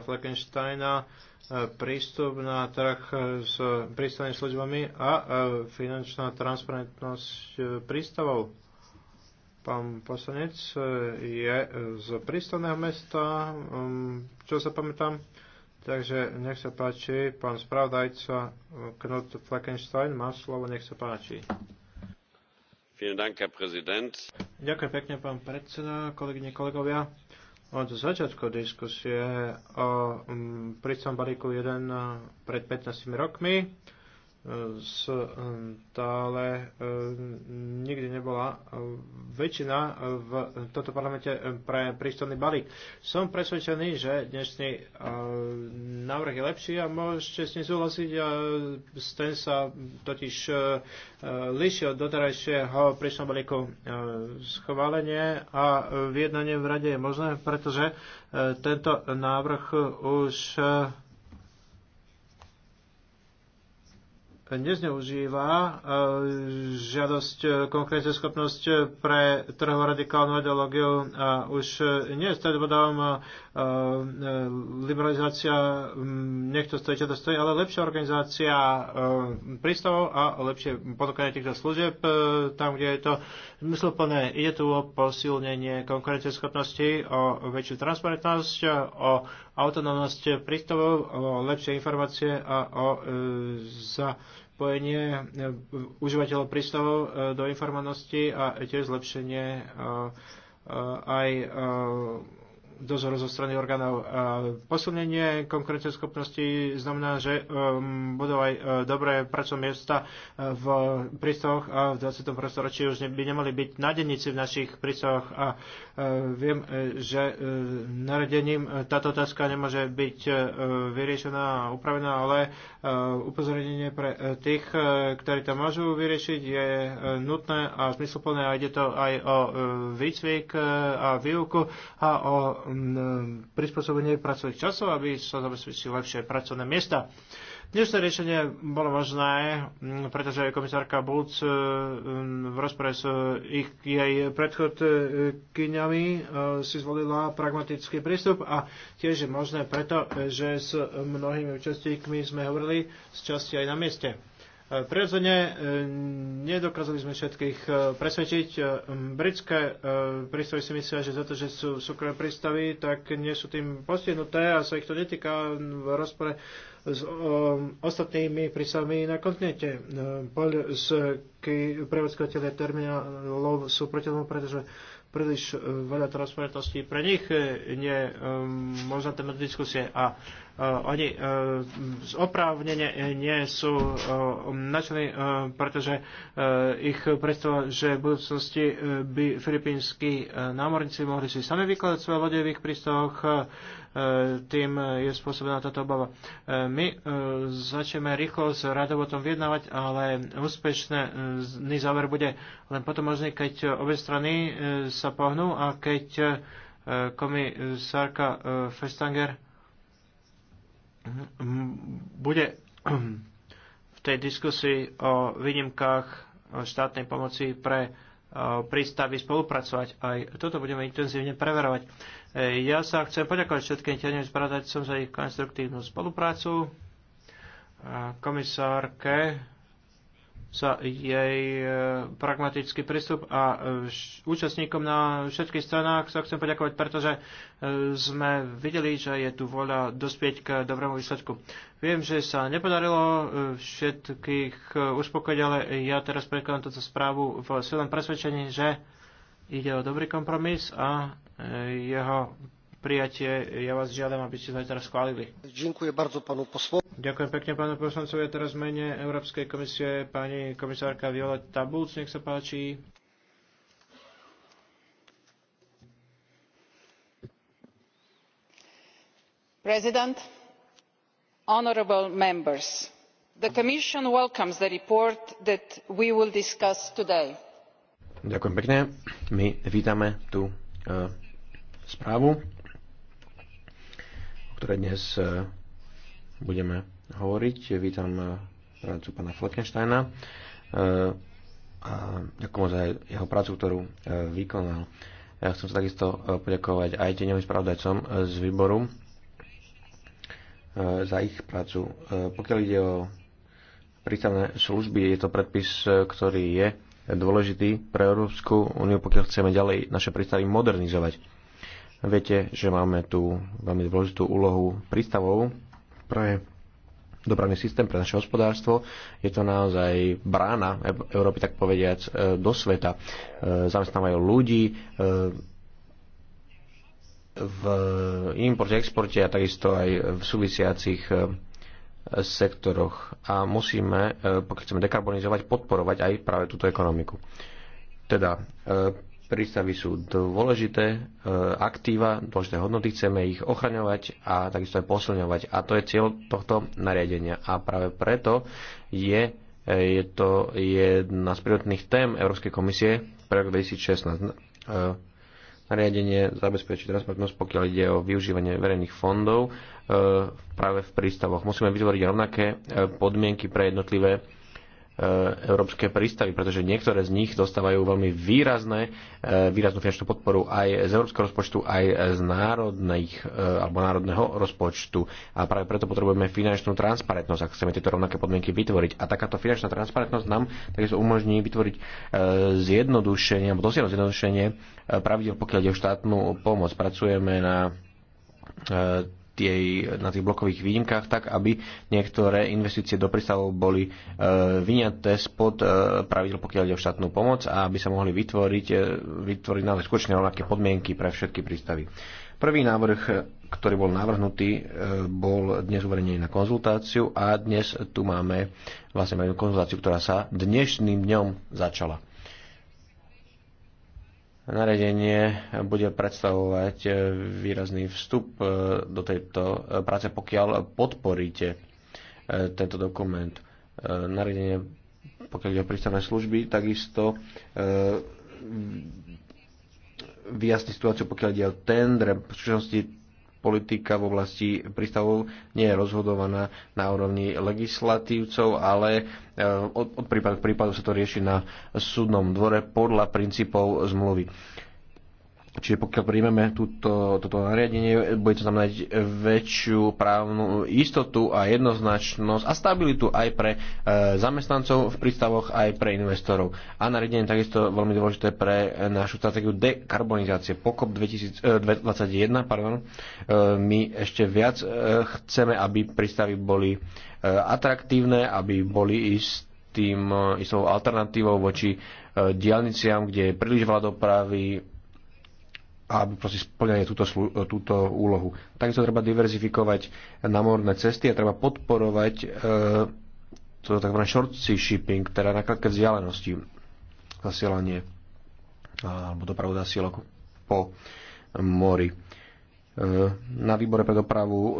Fleckensteina e, prístup na trh s prístavnými službami a e, finančná transparentnosť e, prístavov. Pán poslanec je z prístavného mesta, čo sa pamätám. Takže nech sa páči, pán spravdajca Knut Fleckenstein má slovo, nech sa páči. Ďakujem pekne, pán predseda, kolegyne, kolegovia od začiatku diskusie o um, mm, prícom balíku 1 eh, pred 15 rokmi stále eh, nikdy nebola eh, väčšina eh, v tomto parlamente pre prístavný balík. Som presvedčený, že dnešný návrh je lepší a môžete s ním súhlasiť. Ten sa totiž líši od doterajšieho prístavného balíku schválenie a vyjednanie v rade je možné, pretože tento návrh už nezneužíva e, žiadosť e, konkrétne schopnosť e, pre trhovú radikálnu ideológiu a už nie je bodom liberalizácia niekto stojí, čo to stojí, ale lepšia organizácia prístavov a lepšie podokanie týchto služieb tam, kde je to zmysluplné. Ide tu o posilnenie schopnosti, o väčšiu transparentnosť, o autonómnosť prístavov, o lepšie informácie a o e, zapojenie e, užívateľov prístavov e, do informovanosti a tiež zlepšenie e, e aj e, dozoru zo strany orgánov. Posilnenie konkurencieschopnosti znamená, že um, budú aj uh, dobré pracovné miesta uh, v prístavoch a v 20. prostoročí už by nemali byť na v našich prístavoch a Eh, viem, eh, že eh, naredením táto otázka nemôže byť vyriešená a upravená, ale upozornenie pre tých, ktorí to môžu vyriešiť, je nutné a zmysluplné a ide to aj o výcvik a výuku a o mm, prispôsobenie pracovných časov, aby sa zabezpečili lepšie pracovné miesta. Dnešné riešenie bolo možné, mm, pretože komisárka Bulc e, mm, v rozpore s e, ich, jej predchodkyňami e, si zvolila pragmatický prístup a tiež je možné preto, že s mnohými účastníkmi sme hovorili z časti aj na mieste. Prirodzene nedokázali sme všetkých presvedčiť. Britské prístavy si myslia, že za to, že sú súkromné prístavy, tak nie sú tým postihnuté a sa ich to netýka v rozpore s um, ostatnými prístavmi na kontinente. Um, Poľskí prevádzkovateľe terminálov sú proti tomu, pretože príliš veľa transparentnosti pre nich nie je um, možná téma diskusie a Eh, oni eh, oprávnene eh, nie sú načení, pretože ich predstava, že v budúcnosti by filipínsky námorníci mohli si sami vykladať svoje lode v ich prístavoch, tým je spôsobená táto obava. My začneme rýchlo s radou o tom vyjednávať, ale úspešný záver bude len potom možný, keď obe strany sa pohnú a keď komisárka Festanger Mm, bude v tej diskusii o výnimkách štátnej pomoci pre e, prístavy spolupracovať. Aj toto budeme intenzívne preverovať. E, ja sa chcem poďakovať všetkým tieňovým spravodajcom za ich konstruktívnu spoluprácu, komisárke sa jej e, pragmatický prístup a e, účastníkom na všetkých stranách sa chcem poďakovať, pretože e, sme videli, že je tu voľa dospieť k dobrému výsledku. Viem, že sa nepodarilo všetkých uspokojiť, ale ja teraz prekladám túto správu v silnom presvedčení, že ide o dobrý kompromis a jeho prijatie. Ja vás žiadam, aby ste to teraz schválili. Ďakujem bardzo panu poslu. Ďakujem pekne pánu poslancovi. Ja teraz mene Európskej komisie pani komisárka Violet Bulc, nech sa páči. President, honorable members, the Commission welcomes the report that we will discuss today. Ďakujem pekne. My vítame tú e, správu ktoré dnes e, budeme hovoriť. Vítam e, prácu pána Fleckensteina e, a ďakujem za jeho prácu, ktorú vykonal. Ja chcem sa takisto poďakovať aj tieňovým spravodajcom z výboru za ich prácu. Pokiaľ ide o prístavné služby, je to predpis, ktorý je dôležitý pre Európsku úniu, pokiaľ chceme ďalej naše prístavy modernizovať Viete, že máme tu veľmi dôležitú úlohu prístavov pre dopravný systém, pre naše hospodárstvo. Je to naozaj brána e, Európy, tak povediac, e, do sveta. E, zamestnávajú ľudí v importe, exporte a takisto aj v súvisiacich sektoroch. A musíme, pokiaľ chceme dekarbonizovať, podporovať aj práve túto ekonomiku. Teda prístavy sú dôležité e, aktíva, dôležité hodnoty, chceme ich ochraňovať a takisto aj posilňovať. A to je cieľ tohto nariadenia. A práve preto je, e, je to jedna z prioritných tém Európskej komisie pre rok 2016. E, nariadenie zabezpečí transparentnosť, pokiaľ ide o využívanie verejných fondov práve v prístavoch. Musíme vytvoriť rovnaké podmienky pre jednotlivé E, európske prístavy, pretože niektoré z nich dostávajú veľmi výrazné, e, výraznú finančnú podporu aj z európskeho rozpočtu, aj z národných e, alebo národného rozpočtu. A práve preto potrebujeme finančnú transparentnosť, ak chceme tieto rovnaké podmienky vytvoriť. A takáto finančná transparentnosť nám takisto umožní vytvoriť zjednodušenie, alebo dosiahnuť zjednodušenie pravidel, pokiaľ ide o štátnu pomoc. Pracujeme na tej, na tých blokových výnimkách tak, aby niektoré investície do prístavov boli e, vyňaté spod e, pravidel, pokiaľ ide o štátnu pomoc a aby sa mohli vytvoriť, e, vytvoriť naozaj skutočne rovnaké podmienky pre všetky prístavy. Prvý návrh, ktorý bol navrhnutý, e, bol dnes uverejnený na konzultáciu a dnes tu máme vlastne konzultáciu, ktorá sa dnešným dňom začala. Nariadenie bude predstavovať e, výrazný vstup e, do tejto e, práce, pokiaľ podporíte tento dokument. Nariadenie, pokiaľ ide o prístavné služby, takisto vyjasní situáciu, pokiaľ ide o tendre. V skutočnosti politika v oblasti prístavov nie je rozhodovaná na úrovni legislatívcov, ale e, od, od prípadu k prípadu sa to rieši na súdnom dvore podľa princípov zmluvy Čiže pokiaľ príjmeme túto, toto nariadenie, bude to znamenať väčšiu právnu istotu a jednoznačnosť a stabilitu aj pre e, zamestnancov v prístavoch, aj pre investorov. A nariadenie takisto veľmi dôležité pre našu stratégiu dekarbonizácie. Pokop 21. e, 2021, pardon, e, my ešte viac e, chceme, aby prístavy boli e, atraktívne, aby boli istým e, istou alternatívou voči e, diálniciam, kde je príliš veľa dopravy, aby proste splňali túto, túto úlohu. Takisto treba diverzifikovať námorné cesty a treba podporovať e, to tzv. short sea shipping, teda na krátke vzdialenosti zasielanie alebo dopravu zasielok po mori. E, na výbore pre dopravu e,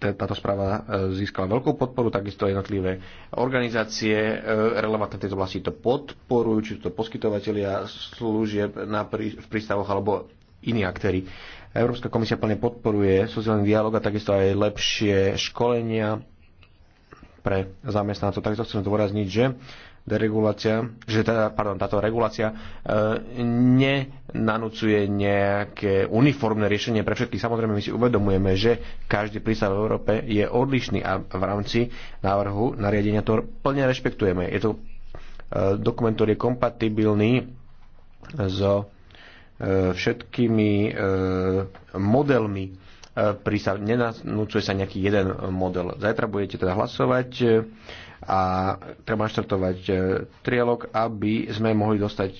táto správa e, získala veľkú podporu, takisto jednotlivé organizácie e, relevantné v tejto oblasti to podporujú, či to poskytovateľia služieb na prí, v prístavoch alebo iní aktéry. Európska komisia plne podporuje sociálny dialog a takisto aj lepšie školenia pre zamestnancov. Takisto chcem zdôrazniť, že deregulácia, že teda, pardon, táto regulácia e, nenanúcuje nejaké uniformné riešenie pre všetkých. Samozrejme, my si uvedomujeme, že každý prístav v Európe je odlišný a v rámci návrhu nariadenia to plne rešpektujeme. Je to e, dokument, ktorý je kompatibilný so e, všetkými e, modelmi e, prístav. Nenanúcuje sa nejaký jeden model. Zajtra budete teda hlasovať. E, a treba naštartovať e, trialog, aby sme mohli dostať,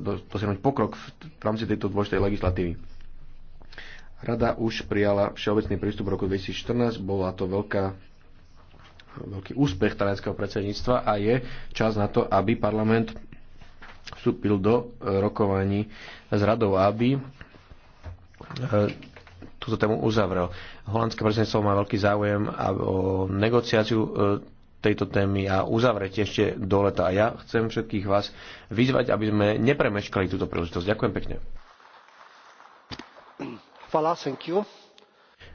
e, dosiahnuť pokrok v rámci tejto dôležitej legislatívy. Rada už prijala všeobecný prístup v roku 2014, bola to veľká veľký úspech talianského predsedníctva a je čas na to, aby parlament vstúpil do e, rokovaní s radou, aby túto tému uzavrel. Holandské predsedníctvo má veľký záujem o negociáciu tejto témy a uzavrete ešte do leta. A ja chcem všetkých vás vyzvať, aby sme nepremeškali túto príležitosť. Ďakujem pekne. Hvala, thank you.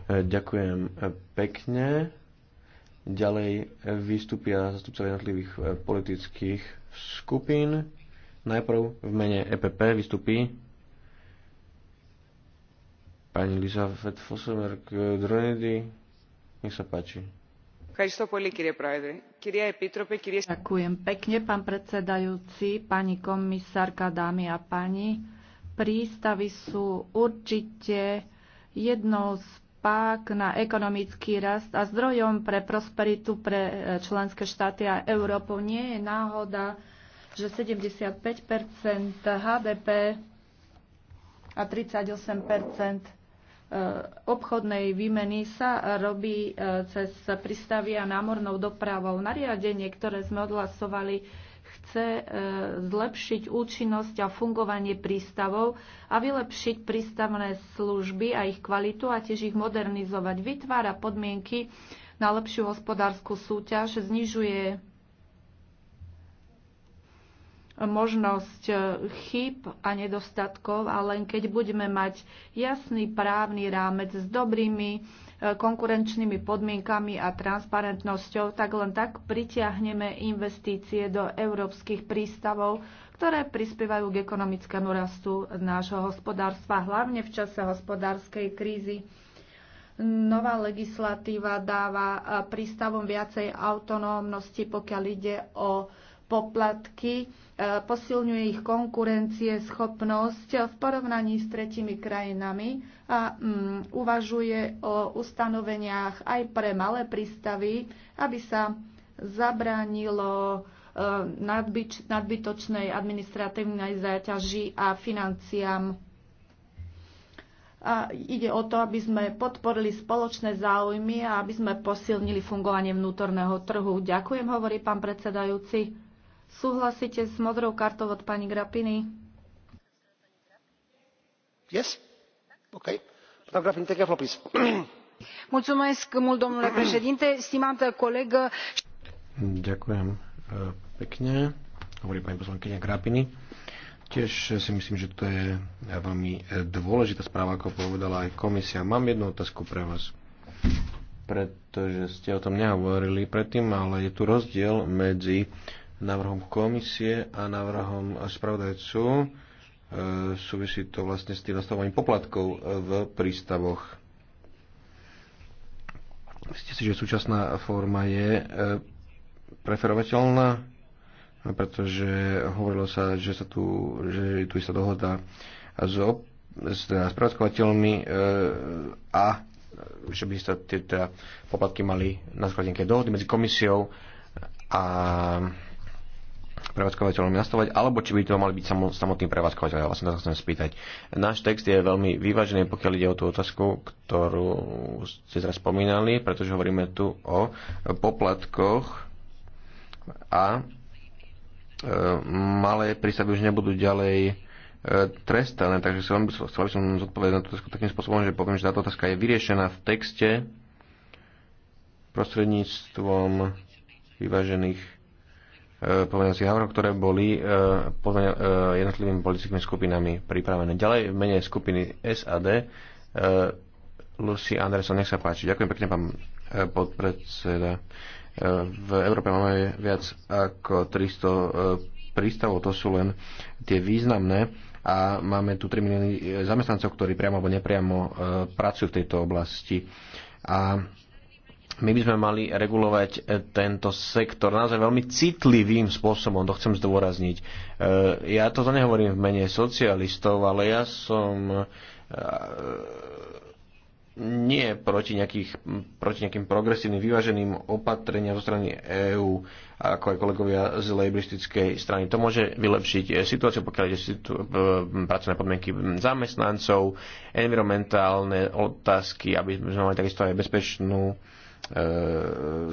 E, ďakujem e, pekne. Ďalej e, vystúpia zastupca jednotlivých politických skupín. Najprv v mene EPP vystupí pani Elizabeth Fossemer Dronedy. Nech sa páči. Ďakujem pekne, pán predsedajúci, pani komisárka, dámy a páni. Prístavy sú určite jednou z pák na ekonomický rast a zdrojom pre prosperitu pre e, členské štáty a Európu. Nie je náhoda, že 75 HDP a 38 Eh, obchodnej výmeny sa robí eh, cez pristavia námornou dopravou. Nariadenie, ktoré sme odhlasovali, chce eh, zlepšiť účinnosť a fungovanie prístavov a vylepšiť prístavné služby a ich kvalitu a tiež ich modernizovať. Vytvára podmienky na lepšiu hospodárskú súťaž, znižuje možnosť e, chýb a nedostatkov a len keď budeme mať jasný právny rámec s dobrými e, konkurenčnými podmienkami a transparentnosťou, tak len tak pritiahneme investície do európskych prístavov, ktoré prispievajú k ekonomickému rastu nášho hospodárstva, hlavne v čase hospodárskej krízy. Nová legislatíva dáva e, prístavom viacej autonómnosti, pokiaľ ide o poplatky, e, posilňuje ich konkurencie, schopnosť v porovnaní s tretimi krajinami a mm, uvažuje o ustanoveniach aj pre malé prístavy, aby sa zabránilo e, nadbyč, nadbytočnej administratívnej záťaži a financiám. A ide o to, aby sme podporili spoločné záujmy a aby sme posilnili fungovanie vnútorného trhu. Ďakujem, hovorí pán predsedajúci. Súhlasíte s modrou kartou od pani Grapiny? Yes? OK. Grapini, take floor, please. Mulțumesc mult, domnule președinte, stimată colegă. Ďakujem e, pekne, hovorí pani poslankyňa Grapiny. Tiež si myslím, že to je veľmi e, dôležitá správa, ako povedala aj komisia. Mám jednu otázku pre vás, pretože ste o tom nehovorili predtým, ale je tu rozdiel medzi návrhom komisie a návrhom spravodajcu. E, súvisí to vlastne s tým nastavovaním poplatkov e, v prístavoch. Myslíte si, že súčasná forma je e, preferovateľná? No, pretože hovorilo sa, že, sa tu, že je tu istá dohoda s, op- s, teda, spravodkovateľmi e, a že by sa tie teda poplatky mali na základe dohody medzi komisiou a prevádzkovateľom nastavovať, alebo či by to mali byť samotní prevádzkovateľ. Ja vlastne to chcem spýtať. Náš text je veľmi vyvážený, pokiaľ ide o tú otázku, ktorú ste teraz spomínali, pretože hovoríme tu o poplatkoch a e, malé prístavy už nebudú ďalej e, trestané, takže som, chcel by som zodpovedať na tú otázku takým spôsobom, že poviem, že táto otázka je vyriešená v texte prostredníctvom vyvážených E, pozmeňovacích návrhov, ktoré boli e, e, jednotlivými politickými skupinami pripravené. Ďalej v mene skupiny SAD Lucy Anderson, nech sa páči. Ďakujem pekne, pán podpredseda. V Európe máme viac ako 300 prístavov, to sú len tie významné a máme tu 3 milióny zamestnancov, ktorí priamo alebo nepriamo pracujú v tejto oblasti. A my by sme mali regulovať e, tento sektor naozaj veľmi citlivým spôsobom, to chcem zdôrazniť. E, ja to nehovorím v mene socialistov, ale ja som e, nie proti, nejakých, proti nejakým progresívnym vyváženým opatreniam zo strany EÚ, ako aj kolegovia z lejbristickej strany. To môže vylepšiť situáciu, pokiaľ ide situ- pracovné podmienky zamestnancov, environmentálne otázky, aby sme mali takisto aj bezpečnú E,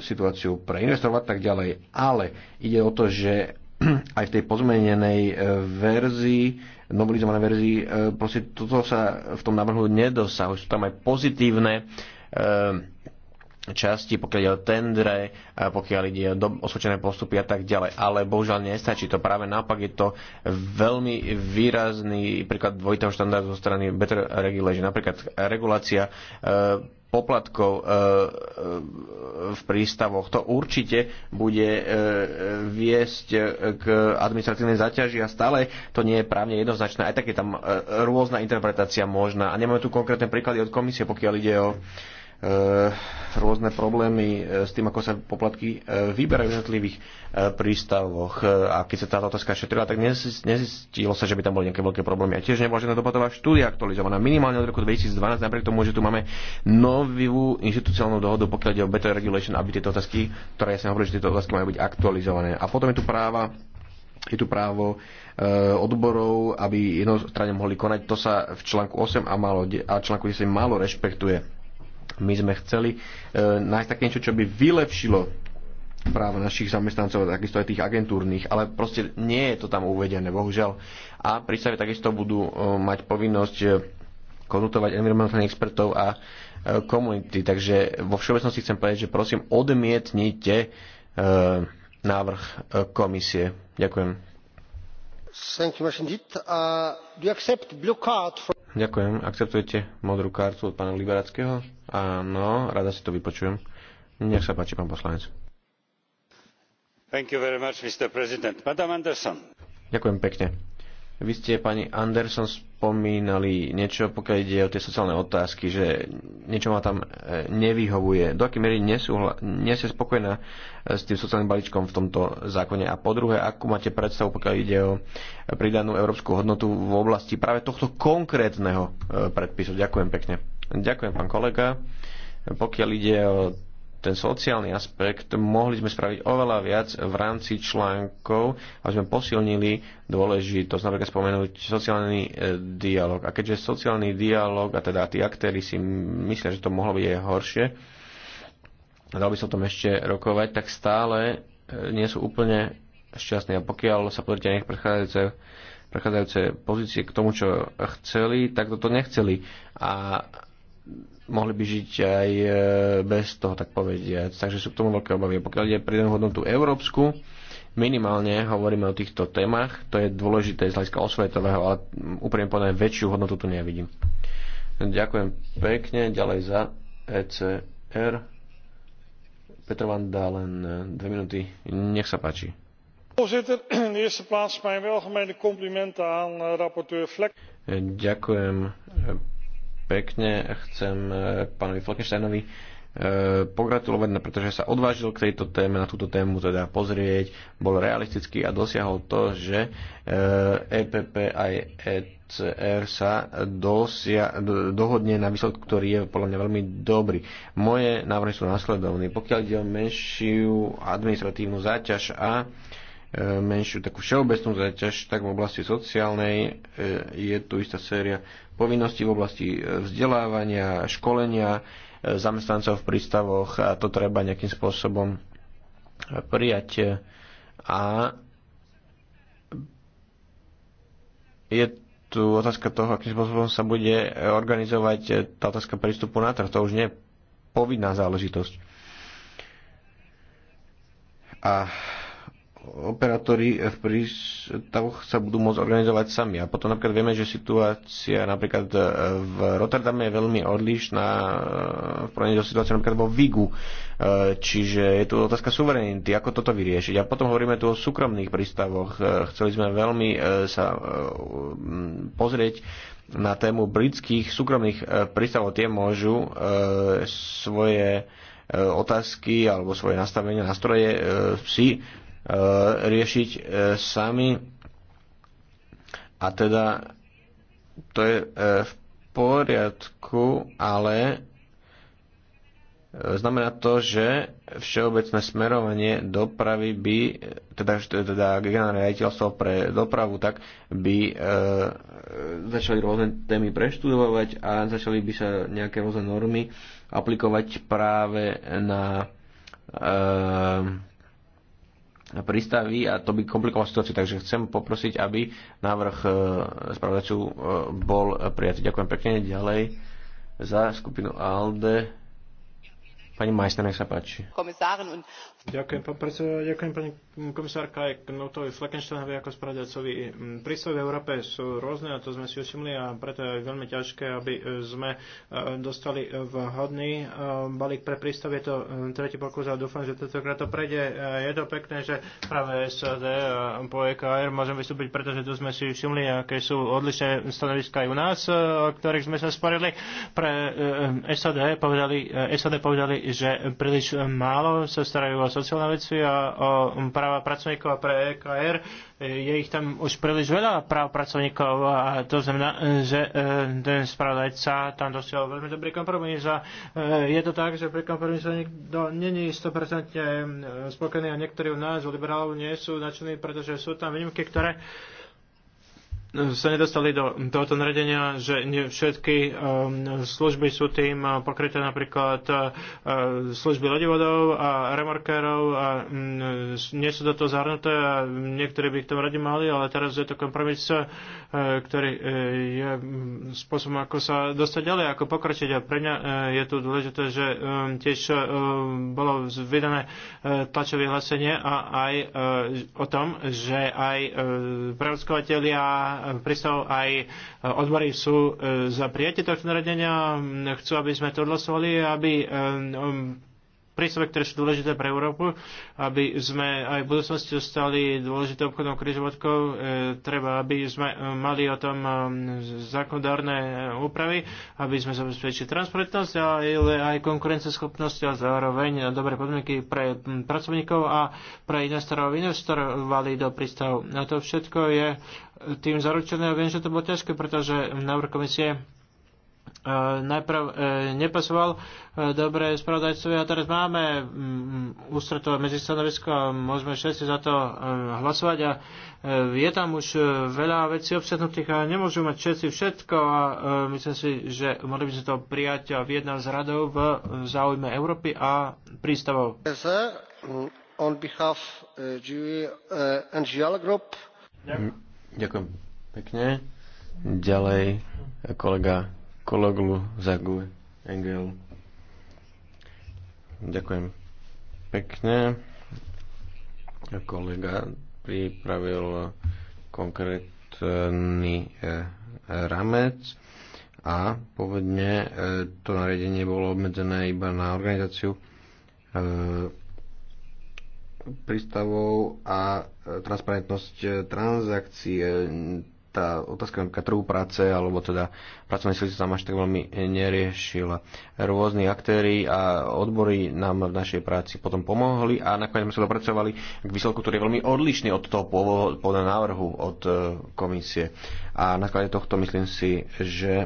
situáciu preinvestovať tak ďalej. Ale ide o to, že aj v tej pozmenenej e, verzii, novelizovanej verzii, e, proste toto sa v tom návrhu nedosahuje. Sú tam aj pozitívne časti, pokiaľ ide o tendre, pokiaľ ide o osvedčené postupy a tak ďalej. Ale bohužiaľ nestačí to. Práve naopak je to veľmi výrazný príklad dvojitého štandardu zo strany Better Regulation. Napríklad regulácia e, poplatkov e, e, v prístavoch. To určite bude viesť k administratívnej zaťaži a stále to nie je právne jednoznačné. Aj tak je tam rôzna interpretácia možná. A nemáme tu konkrétne príklady od komisie, pokiaľ ide o E, rôzne problémy e, s tým, ako sa poplatky e, vyberajú v jednotlivých prístavoch. A keď sa táto otázka šetrila, tak nezistilo sa, že by tam boli nejaké veľké problémy. A tiež nebola žiadna dopadová štúdia aktualizovaná. Minimálne od roku 2012, napriek tomu, že tu máme novú inštitucionálnu dohodu, pokiaľ ide o better regulation, aby tieto otázky, ktoré ja som hovoril, že tieto otázky majú byť aktualizované. A potom je tu práva je tu právo e, odborov, aby jednostranne mohli konať. To sa v článku 8 a, malo, a článku 10 málo rešpektuje my sme chceli e, nájsť také niečo, čo by vylepšilo práva našich zamestnancov, takisto aj tých agentúrnych, ale proste nie je to tam uvedené, bohužiaľ. A prístavy takisto budú e, mať povinnosť e, konzultovať environmentálnych expertov a e, komunity. Takže vo všeobecnosti chcem povedať, že prosím, odmietnite e, návrh e, komisie. Ďakujem. Thank you, Mr. Uh, do you accept blue card for... Ďakujem. Akceptujete modrú kartu od pána Liberackého? Áno, rada si to vypočujem. Nech sa páči, pán poslanec. Thank you very much, Mr. President. Madam Anderson. Ďakujem pekne vy ste, pani Anderson, spomínali niečo, pokiaľ ide o tie sociálne otázky, že niečo ma tam e, nevyhovuje. Do akej miery nie ste spokojná e, s tým sociálnym balíčkom v tomto zákone? A po druhé, akú máte predstavu, pokiaľ ide o pridanú európsku hodnotu v oblasti práve tohto konkrétneho e, predpisu? Ďakujem pekne. Ďakujem, pán kolega. Pokiaľ ide o ten sociálny aspekt, mohli sme spraviť oveľa viac v rámci článkov, aby sme posilnili dôležitosť, napríklad spomenúť sociálny e, dialog. A keďže sociálny dialog, a teda tí aktéry si myslia, že to mohlo byť aj horšie, a dal by sa o tom ešte rokovať, tak stále e, nie sú úplne šťastní. A pokiaľ sa podrite na ich prechádzajúce, prechádzajúce pozície k tomu, čo chceli, tak toto nechceli. A mohli by žiť aj e, bez toho, tak povediať. Takže sú k tomu veľké obavy. Pokiaľ ide pridanú hodnotu európsku, minimálne hovoríme o týchto témach. To je dôležité z hľadiska osvetového, ale mm, úprimne povedané väčšiu hodnotu tu nevidím. Ďakujem pekne. Ďalej za ECR. Petr dá len dve minúty. Nech sa páči. Voorzitter, in de eerste plaats mijn welgemeende complimenten aan eh, rapporteur Ďakujem pekne. Chcem e, pánovi Falkensteinovi e, pogratulovať, no, pretože sa odvážil k tejto téme, na túto tému teda pozrieť, bol realistický a dosiahol to, že EPP e aj ECR sa dosia, dohodne na výsledku, ktorý je podľa mňa veľmi dobrý. Moje návrhy sú následovné. Pokiaľ ide o menšiu administratívnu záťaž a menšiu takú všeobecnú zaťaž, tak v oblasti sociálnej e, je tu istá séria povinností v oblasti e, vzdelávania, školenia e, zamestnancov v prístavoch a to treba nejakým spôsobom prijať. A je tu otázka toho, akým spôsobom sa bude organizovať tá otázka prístupu na trh. To už nie je povinná záležitosť. A operátori v prístavoch sa budú môcť organizovať sami. A potom napríklad vieme, že situácia napríklad e, v Rotterdame je veľmi odlišná e, v porovnaní so situáciou napríklad vo Vigu. E, čiže je tu otázka suverenity, ako toto vyriešiť. A potom hovoríme tu o súkromných prístavoch. Chceli sme veľmi sa pozrieť na tému britských súkromných prístavov. Tie môžu svoje otázky alebo svoje nastavenie, nástroje si Eh, riešiť eh, sami. A teda to je eh, v poriadku, ale znamená to, že všeobecné smerovanie dopravy by, teda, teda generálne riaditeľstvo pre dopravu, tak by e, začali rôzne témy preštudovať a začali by sa nejaké rôzne normy aplikovať práve na e, pristaví a to by komplikovalo situáciu. Takže chcem poprosiť, aby návrh e, spravodajcu e, bol prijatý. Ďakujem pekne. Ďalej za skupinu ALDE. Pani Majster, nech sa páči. Ďakujem, pán predseda, ďakujem pani komisárka aj Knutovi Fleckensteinovi ako spravodajcovi. Mm, Prístavy v Európe sú rôzne a to sme si všimli a preto je veľmi ťažké, aby e, sme e, dostali vhodný e, balík pre prístroje. Je to tretí pokus a dúfam, že tentokrát to prejde. Je to pekné, že práve SAD a po EKR môžem vystúpiť, pretože tu sme si všimli, aké sú odlišné stanoviska aj u nás, o ktorých sme sa sporili. Pre SAD povedali, SAD povedali že príliš málo sa starajú o sociálne veci a o práva pracovníkov a pre EKR. Je ich tam už príliš veľa práv pracovníkov a to znamená, že e, ten spravodajca tam dosiahol veľmi dobrý kompromis a e, je to tak, že pri kompromise nikto není 100% e, spokojný a niektorí u nás, liberálov, nie sú nadšení, pretože sú tam výnimky, ktoré sa nedostali do tohoto naredenia, že nie všetky um, služby sú tým uh, pokryté napríklad uh, služby lodivodov a remorkérov a um, nie sú do toho zahrnuté a niektorí by k tomu radi mali, ale teraz je to kompromis, uh, ktorý uh, je mm, spôsobom, ako sa dostať ďalej, ako pokračiť a pre mňa uh, je tu dôležité, že um, tiež uh, bolo vydané uh, tlačové hlasenie a aj uh, o tom, že aj uh, prevádzkovateľia prístav aj e, odbory sú e, za prijatie tohto naredenia. Chcú, aby sme to odhlasovali, aby e, príspevok, ktoré sú dôležité pre Európu, aby sme aj v budúcnosti zostali dôležitou obchodnou križovatkou. E, treba, aby sme e, mali o tom e, zákonodárne e, úpravy, aby sme zabezpečili transparentnosť, ale aj konkurenceschopnosť a zároveň dobré podmienky pre pracovníkov a pre investorov investorovali do prístavu. A to všetko je tým zaručené. Viem, že to bolo ťažké, pretože návrh komisie najprv e, nepasoval e, dobre spravodajcovi a teraz máme mm, ústretové stanovisko a môžeme všetci za to e, hlasovať a je tam už veľa vecí obsednutých a nemôžu mať všetci všetko a myslím si, že mohli by sme to prijať v vyjednať z radov v záujme Európy a prístavov. On behalf NGL Group. Ďakujem pekne. Ďalej kolega Kologlu, Zagu, Engel. Ďakujem pekne. Kolega pripravil konkrétny e, ramec a povedne e, to nariadenie bolo obmedzené iba na organizáciu e, prístavov a transparentnosť transakcií tá otázka na trhu práce alebo teda pracovnej sily sa tam až tak veľmi neriešila. Rôzni aktéry a odbory nám v našej práci potom pomohli a nakoniec sme sa dopracovali k výsledku, ktorý je veľmi odlišný od toho pôvodného návrhu od e, komisie. A na základe tohto myslím si, že e,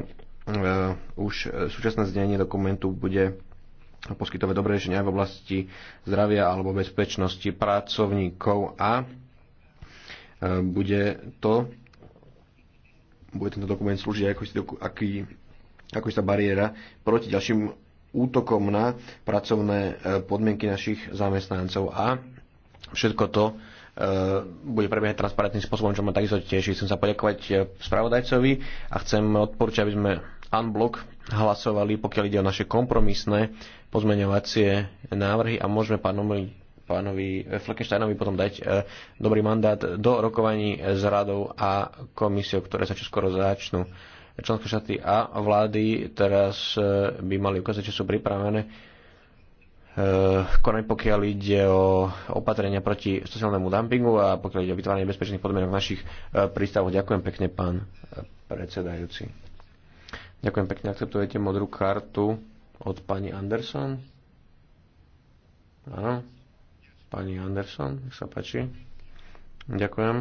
už súčasné znenie dokumentu bude poskytovať dobré riešenia v oblasti zdravia alebo bezpečnosti pracovníkov a e, bude to bude tento dokument slúžiť ako, aký, ako istá bariéra proti ďalším útokom na pracovné e, podmienky našich zamestnancov a všetko to e, bude prebiehať transparentným spôsobom, čo ma takisto teší. Chcem sa poďakovať e, spravodajcovi a chcem odporúčať, aby sme unblock hlasovali, pokiaľ ide o naše kompromisné pozmeňovacie návrhy a môžeme pánom pánovi Fleckensteinovi potom dať e, dobrý mandát do rokovaní s radou a komisiou, ktoré sa čoskoro začnú. Členské štáty a vlády teraz e, by mali ukázať, že sú pripravené e, Konaj, pokiaľ ide o opatrenia proti sociálnemu dumpingu a pokiaľ ide o vytváranie bezpečných podmienok v našich prístavoch. Ďakujem pekne, pán predsedajúci. Ďakujem pekne. Akceptujete modrú kartu od pani Anderson? Áno. Pani Anderson, nech sa páči. Ďakujem.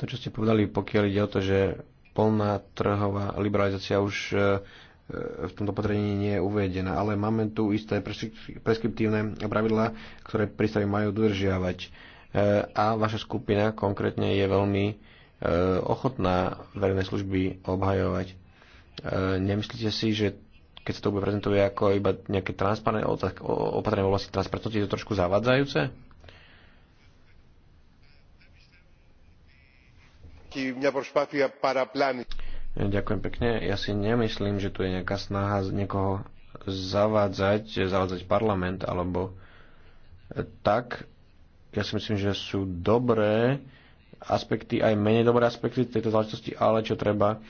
To, čo ste povedali, pokiaľ ide o to, že plná trhová liberalizácia už e, e, v tomto potrení nie je uvedená, ale máme tu isté preskriptívne pravidlá, ktoré prístavy majú dodržiavať. E, a vaša skupina konkrétne je veľmi ochotná verejné služby obhajovať. Nemyslíte si, že keď sa to bude prezentovať ako iba nejaké opatrenie v oblasti transparentnosti, je to trošku zavádzajúce? Ďakujem pekne. Ja si nemyslím, že tu je nejaká snaha niekoho zavádzať, zavádzať parlament alebo tak. Ja si myslím, že sú dobré aspekty, aj menej dobré aspekty tejto záležitosti, ale čo treba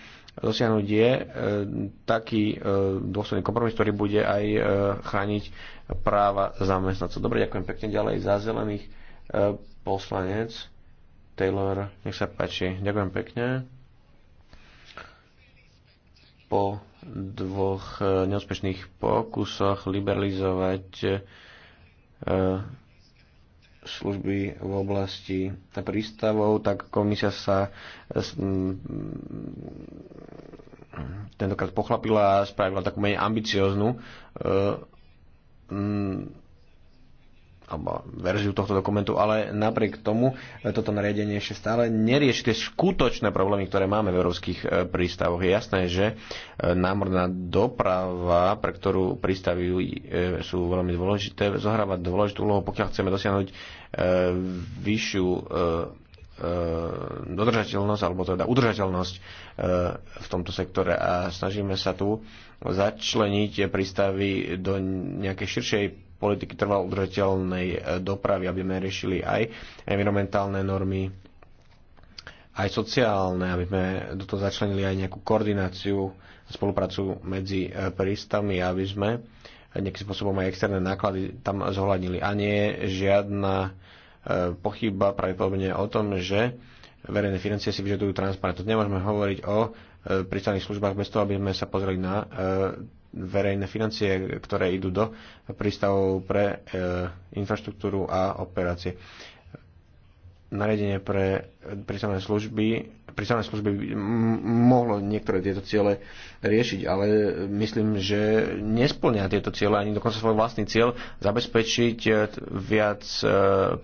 dosiahnuť je e, taký e, dôsledný kompromis, ktorý bude aj e, chrániť práva zamestnancov. Dobre, ďakujem pekne ďalej za zelených. Poslanec Taylor, nech sa páči. Ďakujem pekne. Po dvoch neúspešných pokusoch liberalizovať služby v oblasti prístavov, tak komisia sa tentokrát pochlapila a spravila takú menej ambicioznú e, alebo verziu tohto dokumentu, ale napriek tomu e, toto nariadenie ešte stále nerieši tie skutočné problémy, ktoré máme v európskych e, prístavoch. Je jasné, že e, námorná doprava, pre ktorú prístavy sú veľmi dôležité, zohráva dôležitú úlohu, pokiaľ chceme dosiahnuť vyššiu dodržateľnosť alebo teda udržateľnosť v tomto sektore a snažíme sa tu začleniť prístavy do nejakej širšej politiky trval udržateľnej e, dopravy, aby sme riešili aj environmentálne normy, aj sociálne, aby sme do toho začlenili aj nejakú koordináciu, spoluprácu medzi e, prístavmi, aby sme nejakým spôsobom aj externé náklady tam zohľadnili. A nie je žiadna e, pochyba pravdepodobne o tom, že verejné financie si vyžadujú transparentnosť. Nemôžeme hovoriť o pristavných službách bez toho, aby sme sa pozreli na verejné financie, ktoré idú do prístavov pre e, infraštruktúru a operácie. Nariadenie pre prístavné služby prístavné služby mohlo niektoré tieto ciele riešiť, ale myslím, že nesplňa tieto ciele ani dokonca svoj vlastný cieľ zabezpečiť viac e,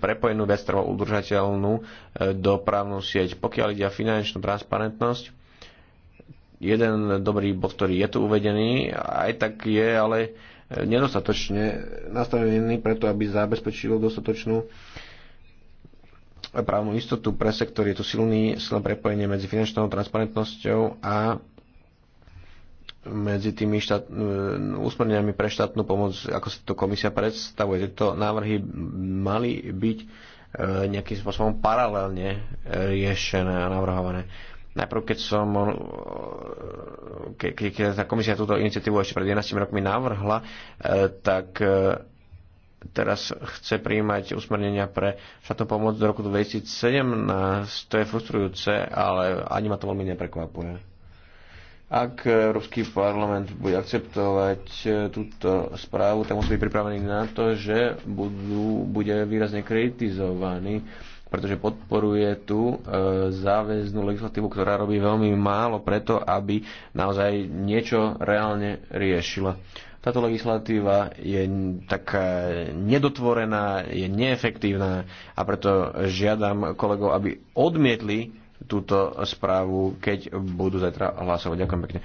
prepojenú, viac trvalo udržateľnú e, dopravnú sieť. Pokiaľ ide o finančnú transparentnosť, jeden dobrý bod, ktorý je tu uvedený, aj tak je ale nedostatočne nastavený preto, aby zabezpečilo dostatočnú právnu istotu pre sektor. Je tu silný, silné prepojenie medzi finančnou transparentnosťou a medzi tými štát, úsmerniami e, pre štátnu pomoc, ako si to komisia predstavuje. Tieto návrhy mali byť e, nejakým spôsobom paralelne riešené a navrhované. Najprv, keď som eh, keď, keď tá komisia túto iniciatívu ešte pred 11 rokmi navrhla, eh, tak eh, teraz chce prijímať usmernenia pre štátnu pomoc do roku 2017. To je frustrujúce, ale ani ma to veľmi neprekvapuje. Ak Európsky parlament bude akceptovať túto správu, tak musí byť pripravený na to, že budú, bude výrazne kritizovaný pretože podporuje tú e, záväznú legislatívu, ktorá robí veľmi málo preto, aby naozaj niečo reálne riešila. Táto legislatíva je taká nedotvorená, je neefektívna a preto žiadam kolegov, aby odmietli túto správu, keď budú zajtra hlasovať. Ďakujem pekne.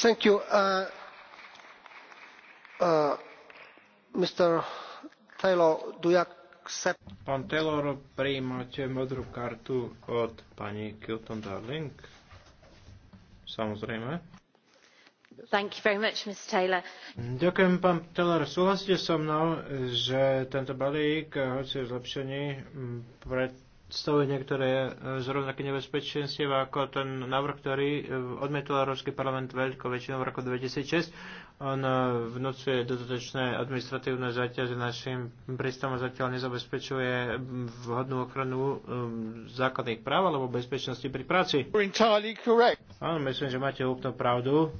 Thank you. Uh, uh, Mr. Taylor, do you accept... Pán Taylor, prijímate modrú kartu od pani Kilton Darling? Samozrejme. Much, Ďakujem, pán Taylor. Súhlasíte so mnou, že tento balík, hoci je zlepšený, predstavuje niektoré eh, zrovnaké rovnaké ako ten návrh, ktorý eh, odmietol Európsky parlament veľkou väčšinou v roku 2006 on eh, vnúcuje dodatočné administratívne zaťaže našim prístavom zatiaľ nezabezpečuje vhodnú ochranu eh, základných práv alebo bezpečnosti pri práci. Áno, myslím, že máte úplnú pravdu.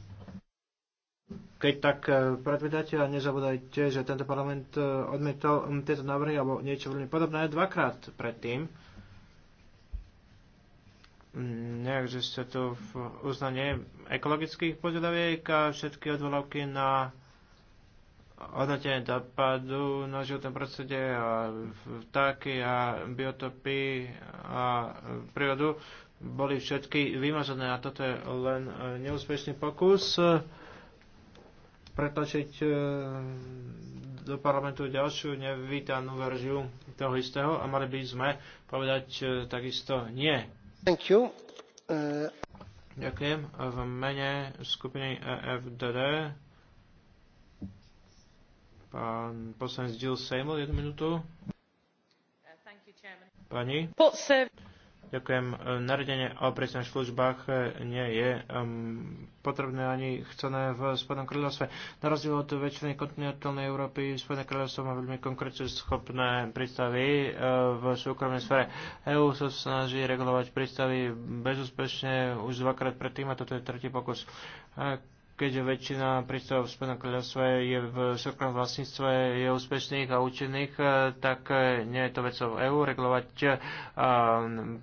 Keď tak eh, predvedáte a nezabudajte, že tento parlament odmietol mm, tieto návrhy alebo niečo veľmi podobné dvakrát predtým nejak, že ste tu v uznanie ekologických požiadaviek a všetky odvolavky na odnotenie dopadu na životné prostredie a vtáky a biotopy a prírodu boli všetky vymazané a toto je len e, neúspešný pokus e, pretlačiť e, do parlamentu ďalšiu nevítanú verziu toho istého a mali by sme povedať takisto nie Uh, Ďakujem. V mene skupiny EFDD pán poslanec Jill Seymour, jednu minútu. Uh, Pani? Ďakujem. Naredenie o presných službách e, nie je um, potrebné ani chcené v Spodnom kráľovstve. Na rozdiel od väčšiny kontinentálnej Európy, Spodné kráľovstvo má veľmi schopné prístavy uh, e, v súkromnej sfere. EÚ sa snaží regulovať prístavy bezúspešne už dvakrát predtým a toto je tretí pokus. Uh, keďže väčšina prístrojov v Spojenom kráľovstve je v súkromnom vlastníctve, je úspešných a účinných, eh, tak eh, nie je to vecou EÚ regulovať eh,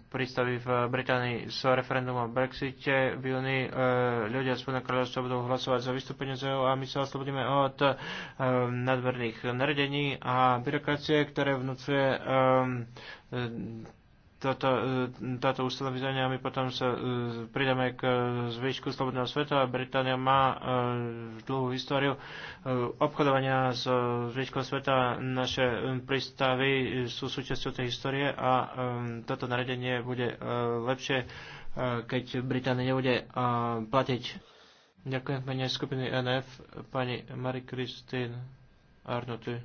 prístavy v Británii s referendum o Brexite. V júni ľudia z Spojeného kráľovstva budú hlasovať za vystúpenie z EÚ a my sa oslobodíme od nadmerných naredení a byrokracie, ktoré vnúcuje toto, e, táto ustanovenia, my potom sa e, pridáme k e, zvyšku slobodného sveta. Británia má dlhú históriu obchodovania s zvyškom sveta. Naše prístavy sú súčasťou tej histórie a toto naredenie bude lepšie, keď Británia nebude platiť. Ďakujem pani skupiny NF, pani Marie-Christine Arnoty.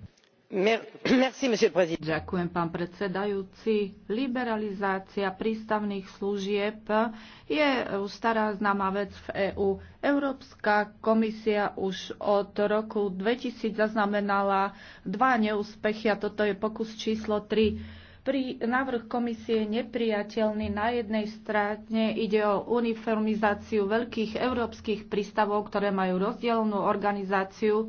Ďakujem, pán predsedajúci. Liberalizácia prístavných služieb je už stará známa vec v EÚ. Európska komisia už od roku 2000 zaznamenala dva neúspechy a toto je pokus číslo 3. Pri návrh komisie je nepriateľný. Na jednej strane ide o uniformizáciu veľkých európskych prístavov, ktoré majú rozdielnu organizáciu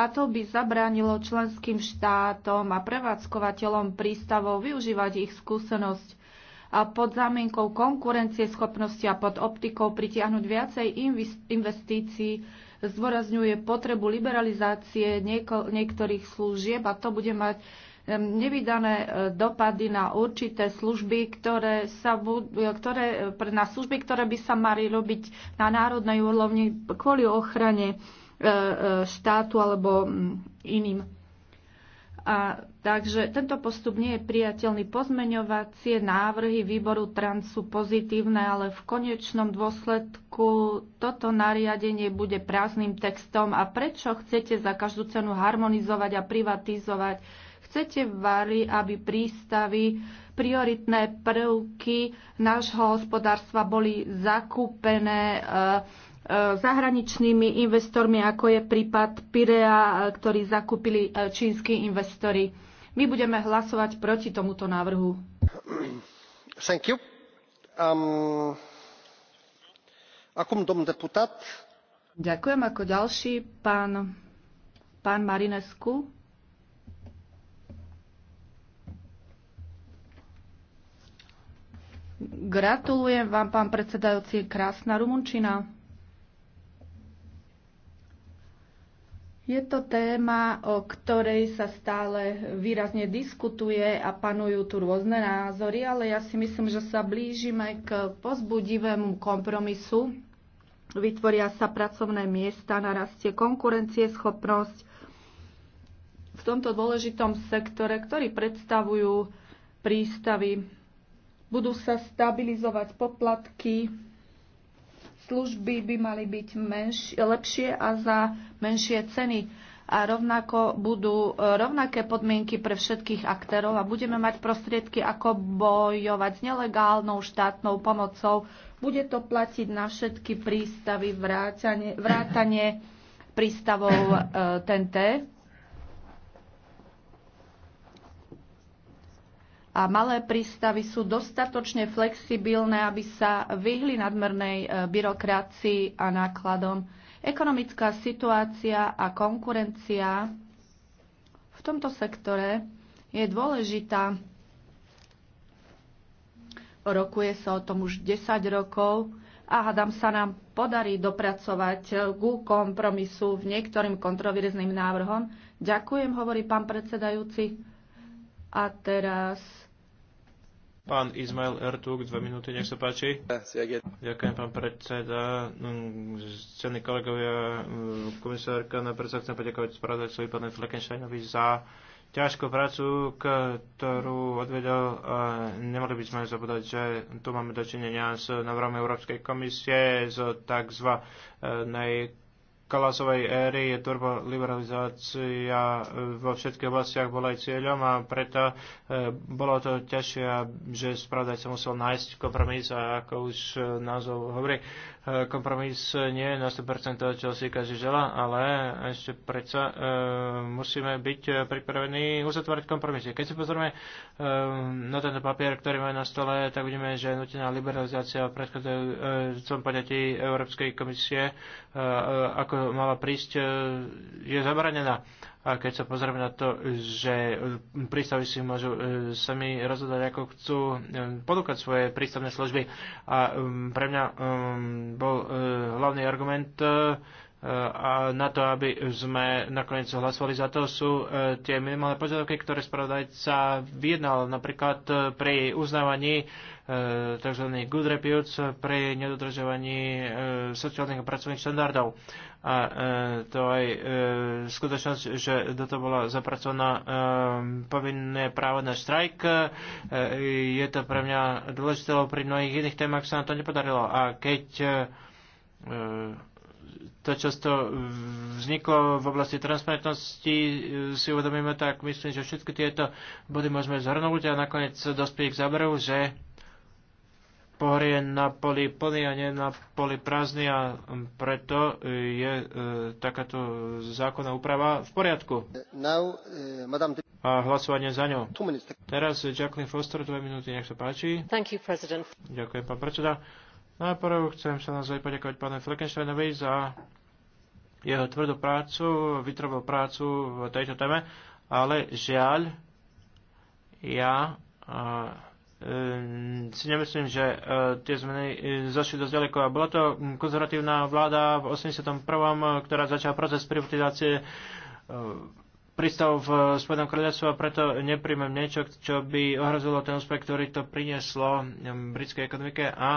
a to by zabránilo členským štátom a prevádzkovateľom prístavov využívať ich skúsenosť a pod zámienkou schopnosti a pod optikou pritiahnuť viacej investícií zdôrazňuje potrebu liberalizácie niektorých služieb a to bude mať nevydané e, dopady na určité služby, ktoré, sa e, ktoré, e, na služby, ktoré by sa mali robiť na národnej úrovni kvôli ochrane E, e, štátu alebo iným. A, takže tento postup nie je priateľný. Pozmeňovacie návrhy výboru trans sú pozitívne, ale v konečnom dôsledku toto nariadenie bude prázdnym textom. A prečo chcete za každú cenu harmonizovať a privatizovať? Chcete vary, aby prístavy, prioritné prvky nášho hospodárstva boli zakúpené. E, zahraničnými investormi, ako je prípad Pirea, ktorý zakúpili e, čínsky investori. My budeme hlasovať proti tomuto návrhu. Thank you. Um, deputat. Ďakujem. Ako ďalší pán, pán Marinescu. Gratulujem vám, pán predsedajúci, krásna Rumunčina. Je to téma, o ktorej sa stále výrazne diskutuje a panujú tu rôzne názory, ale ja si myslím, že sa blížime k pozbudivému kompromisu. Vytvoria sa pracovné miesta, narastie schopnosť v tomto dôležitom sektore, ktorý predstavujú prístavy. Budú sa stabilizovať poplatky, služby by mali byť menš- lepšie a za menšie ceny. A rovnako budú e, rovnaké podmienky pre všetkých aktérov a budeme mať prostriedky, ako bojovať s nelegálnou štátnou pomocou. Bude to platiť na všetky prístavy, vrátanie, vrátanie prístavov e, TNT a malé prístavy sú dostatočne flexibilné, aby sa vyhli nadmernej e, byrokracii a nákladom. Ekonomická situácia a konkurencia v tomto sektore je dôležitá. Rokuje sa o tom už 10 rokov a hádam sa nám podarí dopracovať ku kompromisu v niektorým kontroverzným návrhom. Ďakujem, hovorí pán predsedajúci. A teraz Pán Izmail Ertug, dve minúty, nech sa páči. Ďakujem, pán predseda. Mm, cení kolegovia, mm, komisárka, najprv sa chcem poďakovať spravodajcovi pánu Fleckensteinovi za ťažkú prácu, ktorú odvedel. Nemali by sme zabúdať, že tu máme dočinenia s návrhom Európskej komisie z tzv. Kalasovej éry je turboliberalizácia vo všetkých oblastiach bola aj cieľom a preto e, bolo to ťažšie, že spravodajca musel nájsť kompromis a ako už názov hovorí, Eh, kompromis nie je na 100% toho, čo si každý žela, ale ešte predsa e, musíme byť eh, pripravení uzatvárať kompromisy. Keď si pozrieme e, na tento papier, ktorý máme na stole, tak vidíme, že nutená liberalizácia v predchádzajúcom poňatí Európskej komisie, e, ako mala prísť, e, je zabranená. A keď sa pozrieme na to, že prístavy si môžu e, sami rozhodať, ako chcú e, podúkať svoje prístavné služby. A mm, pre mňa mm, bol e, hlavný argument a na to, aby sme nakoniec hlasovali za to, sú e, tie minimálne požiadavky, ktoré spravodajca vyjednal. Napríklad e, pri uznávaní e, tzv. good reputes, pri nedodržovaní sociálnych a pracovných štandardov. A to aj skutočnosť, že do toho bola zapracovaná povinné právo na štrajk. Je to pre mňa dôležité, pri mnohých iných témach sa na to nepodarilo. A keď to, čo vzniklo v oblasti transparentnosti, e, si uvedomíme, tak myslím, že všetky tieto body môžeme zhrnúť a nakoniec dospieť k záberu, že pohor je na poli plný a nie na poli prázdny a preto je e, takáto zákonná úprava v poriadku. Now, e, madame... A hlasovanie za ňou. Teraz Jacqueline Foster, dve minúty, nech sa páči. Thank you, president. Ďakujem, pán predseda. Najprv chcem sa naozaj poďakovať pánu Fleckensteinovi za jeho tvrdú prácu, vytrval prácu v tejto téme, ale žiaľ, ja e, si nemyslím, že e, tie zmeny e, zašli dosť ďaleko. A bola to konzervatívna vláda v 81., ktorá začala proces privatizácie prístav v Spojenom kráľovstve a preto nepríjmem niečo, čo by ohrozilo ten úspech, ktorý to prinieslo mm, britskej ekonomike a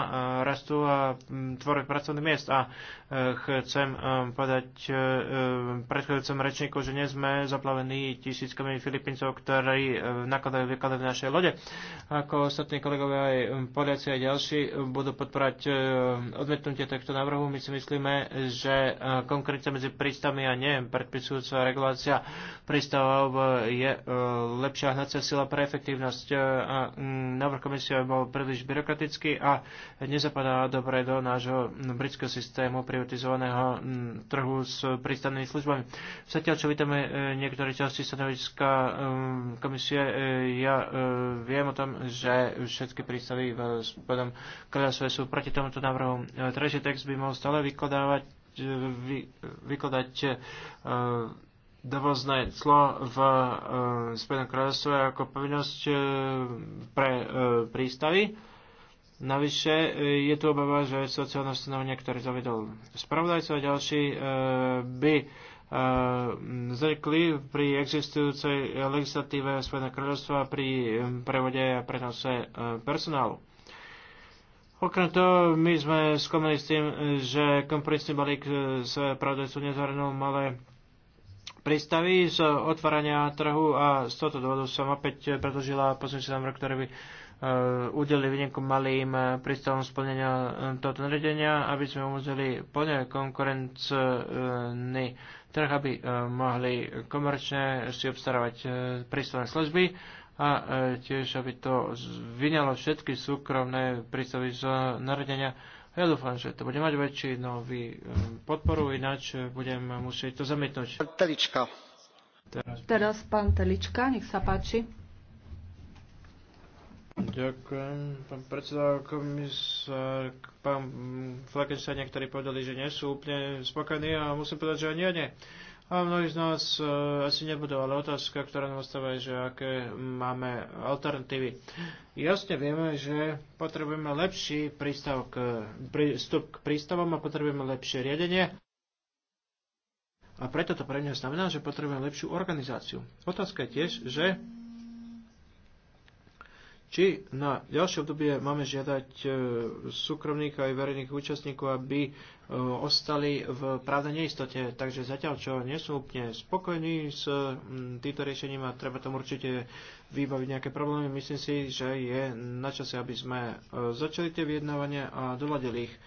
rastu a mm, tvorbe pracovných miest. A e, chcem e, povedať e, predchádzajúcom rečníku, že nie sme zaplavení tisíckami Filipíncov, ktorí nakladajú výklady v našej lode. Ako ostatní kolegovia aj Poliaci a ďalší budú podporať odmietnutie tohto návrhu. My si myslíme, že konkurencia medzi prístavmi a nie predpisujúca regulácia pristavov e, je e, lepšia hnacia sila pre efektívnosť. E, návrh komisie bol príliš byrokratický a nezapadá dobre do nášho britského systému privatizovaného trhu s prístavnými službami. Zatiaľ, čo vítame niektoré časti stanoviska komisie, ja viem o tom, že všetky prístavy v Spodom kráľovstve sú proti tomuto návrhu. Trejší text by mohol stále vykladávať vy, vykladať uh, dovozné clo v uh, Spojenom kráľovstve ako povinnosť uh, pre uh, prístavy. Navyše je tu obava, že sociálne stanovenie, ktoré zavedol spravodajca a ďalší, uh, by uh, zrekli pri existujúcej legislatíve Spojeného kráľovstva pri prevode a prenose personálu. Okrem toho, my sme skomili s tým, že kompromisný balík sa pravdou sú nezhrnul malé prístavy z otvárania trhu a z tohto dôvodu som opäť predložila pozmeňujúci rok, ktorý by eh, udelili výnimku malým eh, prístavom splnenia eh, tohto nariadenia, aby sme umožnili plne konkurencný trh, aby mohli komerčne si obstarávať prístavné služby a tiež, aby to vyňalo všetky súkromné prístavy z nariadenia ja dúfam, že to bude mať väčší nový um, podporu, ináč e, budem musieť to zamietnúť. Pán Telička. Teraz, Teraz pán Telička, nech sa páči. Ďakujem, pán predseda, komisár, pán Flakenstein, ktorí povedali, že nie sú úplne spokojní a musím povedať, že ani nie. nie a mnohí z nás uh, asi nebudú, ale otázka, ktorá nám ostáva, je, že aké máme alternatívy. Jasne vieme, že potrebujeme lepší prístav k, prístup k prístavom a potrebujeme lepšie riadenie. A preto to pre mňa znamená, že potrebujeme lepšiu organizáciu. Otázka je tiež, že či na ďalšie obdobie máme žiadať e, súkromných aj verejných účastníkov, aby E, ostali v právnej neistote. Takže zatiaľ, čo nie sú úplne spokojní s týmto riešením a treba tam určite vybaviť nejaké problémy, myslím si, že je na čase, aby sme e, začali tie vyjednávania a doladili ich e,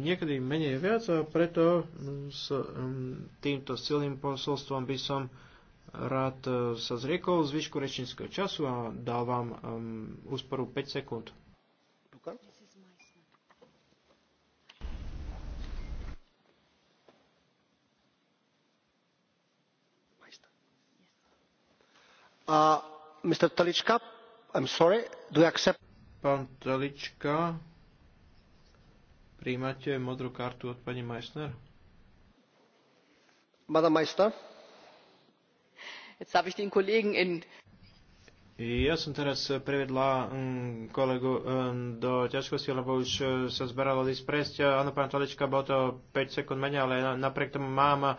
niekedy menej viac a preto s týmto silným posolstvom by som rád sa zriekol zvyšku rečníckého času a dávam úsporu 5 sekúnd. Uh, Talička, sorry, accept... Pán Telička, príjmate modrú kartu od pani Meissner? Madame Meissner? Jetzt habe ich den Kollegen in ja som teraz privedla mm, kolegu mm, do ťažkosti, lebo už e, sa zberalo ísť presť. E, áno, pán Talička, bolo to 5 sekúnd menej, ale napriek tomu mám e,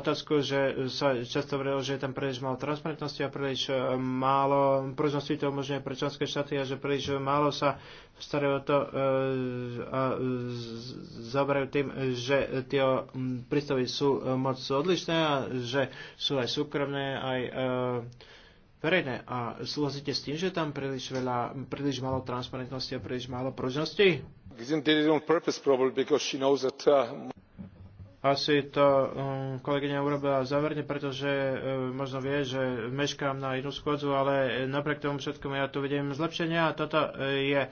otázku, že sa často vrelo, že je tam príliš malo transparentnosti a príliš málo pružnosti to umožňuje pre členské štáty a že príliš málo sa starajú o to a zaberajú tým, že tie mm, prístavy sú moc odlišné a že sú aj súkromné, aj verejné. A súhlasíte s tým, že tam príliš, veľa, príliš malo transparentnosti a príliš málo pružnosti? Uh, Asi to um, kolegyňa urobila záverne, pretože um, možno vie, že meškám na jednu schôdzu, ale napriek tomu všetkom ja tu vidím zlepšenia a toto uh, je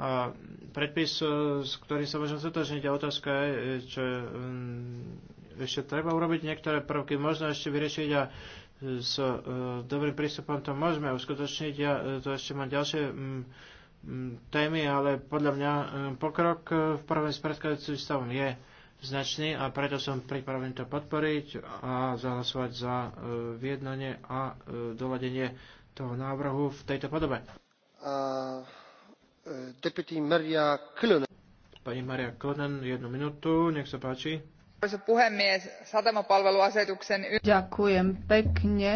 a uh, predpis, s ktorým sa môžem zotožniť a otázka je, čo um, ešte treba urobiť, niektoré prvky možno ešte vyriešiť a s e, dobrým prístupom to môžeme uskutočniť. Ja e, to ešte mám ďalšie témy, ale podľa mňa e, pokrok v porovnaní s predchádzajúcim stavom je značný a preto som pripravený to podporiť a zahlasovať za vyjednanie a doladenie toho návrhu v tejto podobe. Uh, Pani Maria Klonen, jednu minútu, nech sa páči. Ďakujem pekne.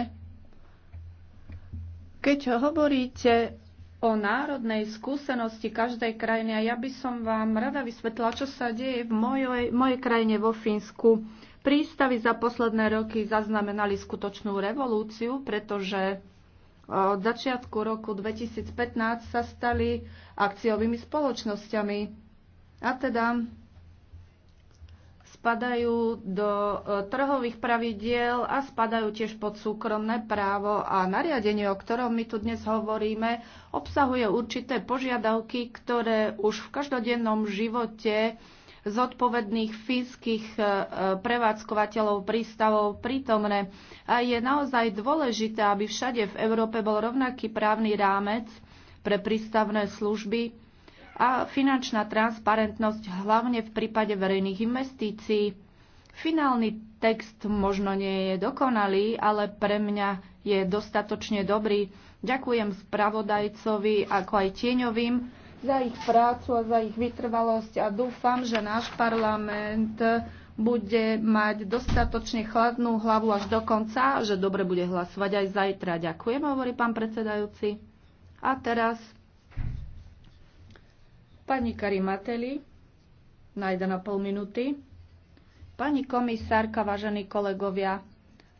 Keď hovoríte o národnej skúsenosti každej krajiny, a ja by som vám rada vysvetlila, čo sa deje v mojej, mojej krajine vo Fínsku. Prístavy za posledné roky zaznamenali skutočnú revolúciu, pretože e, od začiatku roku 2015 sa stali akciovými spoločnosťami. A teda spadajú do e, trhových pravidiel a spadajú tiež pod súkromné právo a nariadenie, o ktorom my tu dnes hovoríme, obsahuje určité požiadavky, ktoré už v každodennom živote zodpovedných fínskych e, e, prevádzkovateľov prístavov prítomné. A je naozaj dôležité, aby všade v Európe bol rovnaký právny rámec pre prístavné služby a finančná transparentnosť hlavne v prípade verejných investícií. Finálny text možno nie je dokonalý, ale pre mňa je dostatočne dobrý. Ďakujem spravodajcovi ako aj tieňovým za ich prácu a za ich vytrvalosť a dúfam, že náš parlament bude mať dostatočne chladnú hlavu až do konca, že dobre bude hlasovať aj zajtra. Ďakujem, hovorí pán predsedajúci. A teraz Pani Karimateli na 1,5 minúty. Pani komisárka, vážení kolegovia,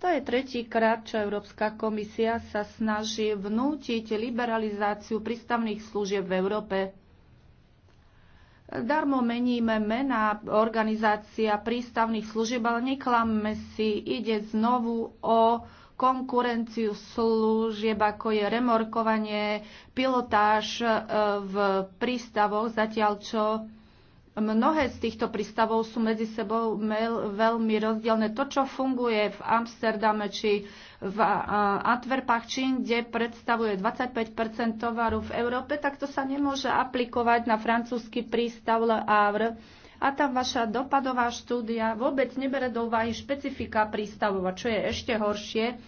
to je tretí krát, čo Európska komisia sa snaží vnútiť liberalizáciu prístavných služieb v Európe. Darmo meníme mená organizácia prístavných služieb, ale neklamme si, ide znovu o konkurenciu služieb, ako je remorkovanie, pilotáž e, v prístavoch, zatiaľ čo mnohé z týchto prístavov sú medzi sebou veľmi rozdielne. To, čo funguje v Amsterdame či v Antwerpách či inde predstavuje 25 tovaru v Európe, tak to sa nemôže aplikovať na francúzsky prístav Le Havre, a tá vaša dopadová štúdia vôbec nebere do úvahy špecifika prístavov. A čo je ešte horšie,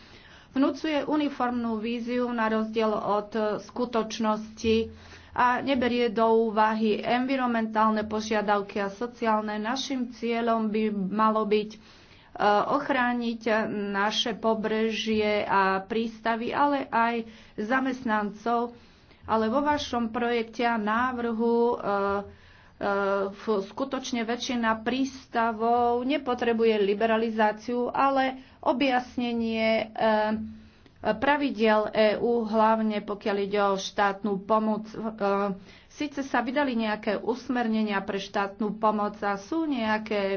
vnúcuje uniformnú víziu na rozdiel od skutočnosti a neberie do úvahy environmentálne požiadavky a sociálne. Našim cieľom by malo byť e, ochrániť naše pobrežie a prístavy, ale aj zamestnancov. Ale vo vašom projekte a návrhu e, skutočne väčšina prístavov nepotrebuje liberalizáciu, ale objasnenie eh, pravidel EÚ, hlavne pokiaľ ide o štátnu pomoc. Eh, Sice sa vydali nejaké usmernenia pre štátnu pomoc a sú nejaké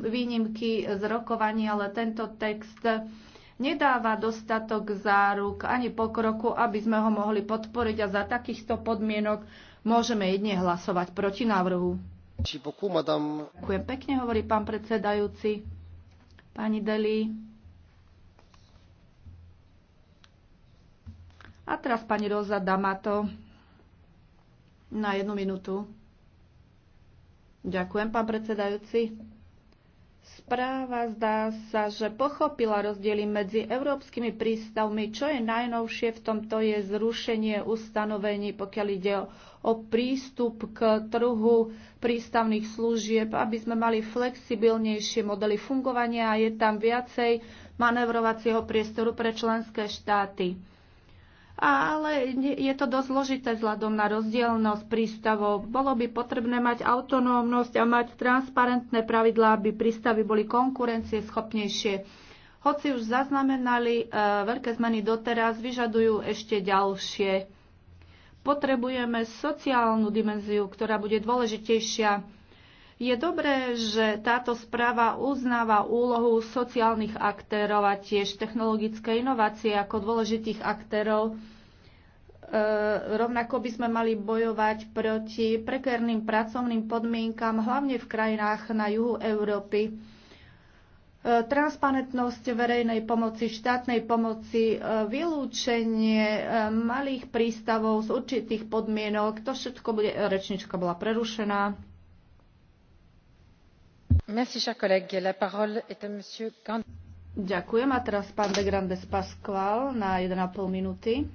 výnimky z rokovania, ale tento text nedáva dostatok záruk ani pokroku, aby sme ho mohli podporiť a za takýchto podmienok Môžeme jedne hlasovať proti návrhu. Ďakujem pekne, hovorí pán predsedajúci. Pani Deli. A teraz pani Roza Damato na jednu minútu. Ďakujem, pán predsedajúci správa zdá sa, že pochopila rozdiely medzi európskymi prístavmi. Čo je najnovšie v tomto je zrušenie ustanovení, pokiaľ ide o prístup k trhu prístavných služieb, aby sme mali flexibilnejšie modely fungovania a je tam viacej manevrovacieho priestoru pre členské štáty ale je to dosť zložité vzhľadom na rozdielnosť prístavov. Bolo by potrebné mať autonómnosť a mať transparentné pravidlá, aby prístavy boli konkurencieschopnejšie. Hoci už zaznamenali e, veľké zmeny doteraz, vyžadujú ešte ďalšie. Potrebujeme sociálnu dimenziu, ktorá bude dôležitejšia je dobré, že táto správa uznáva úlohu sociálnych aktérov a tiež technologické inovácie ako dôležitých aktérov. E, rovnako by sme mali bojovať proti prekerným pracovným podmienkam, hlavne v krajinách na juhu Európy. E, transparentnosť verejnej pomoci, štátnej pomoci, e, vylúčenie e, malých prístavov z určitých podmienok, to všetko bude, rečnička bola prerušená. Ďakujem. A teraz pán de Grandes Pascual na 1,5 minúty.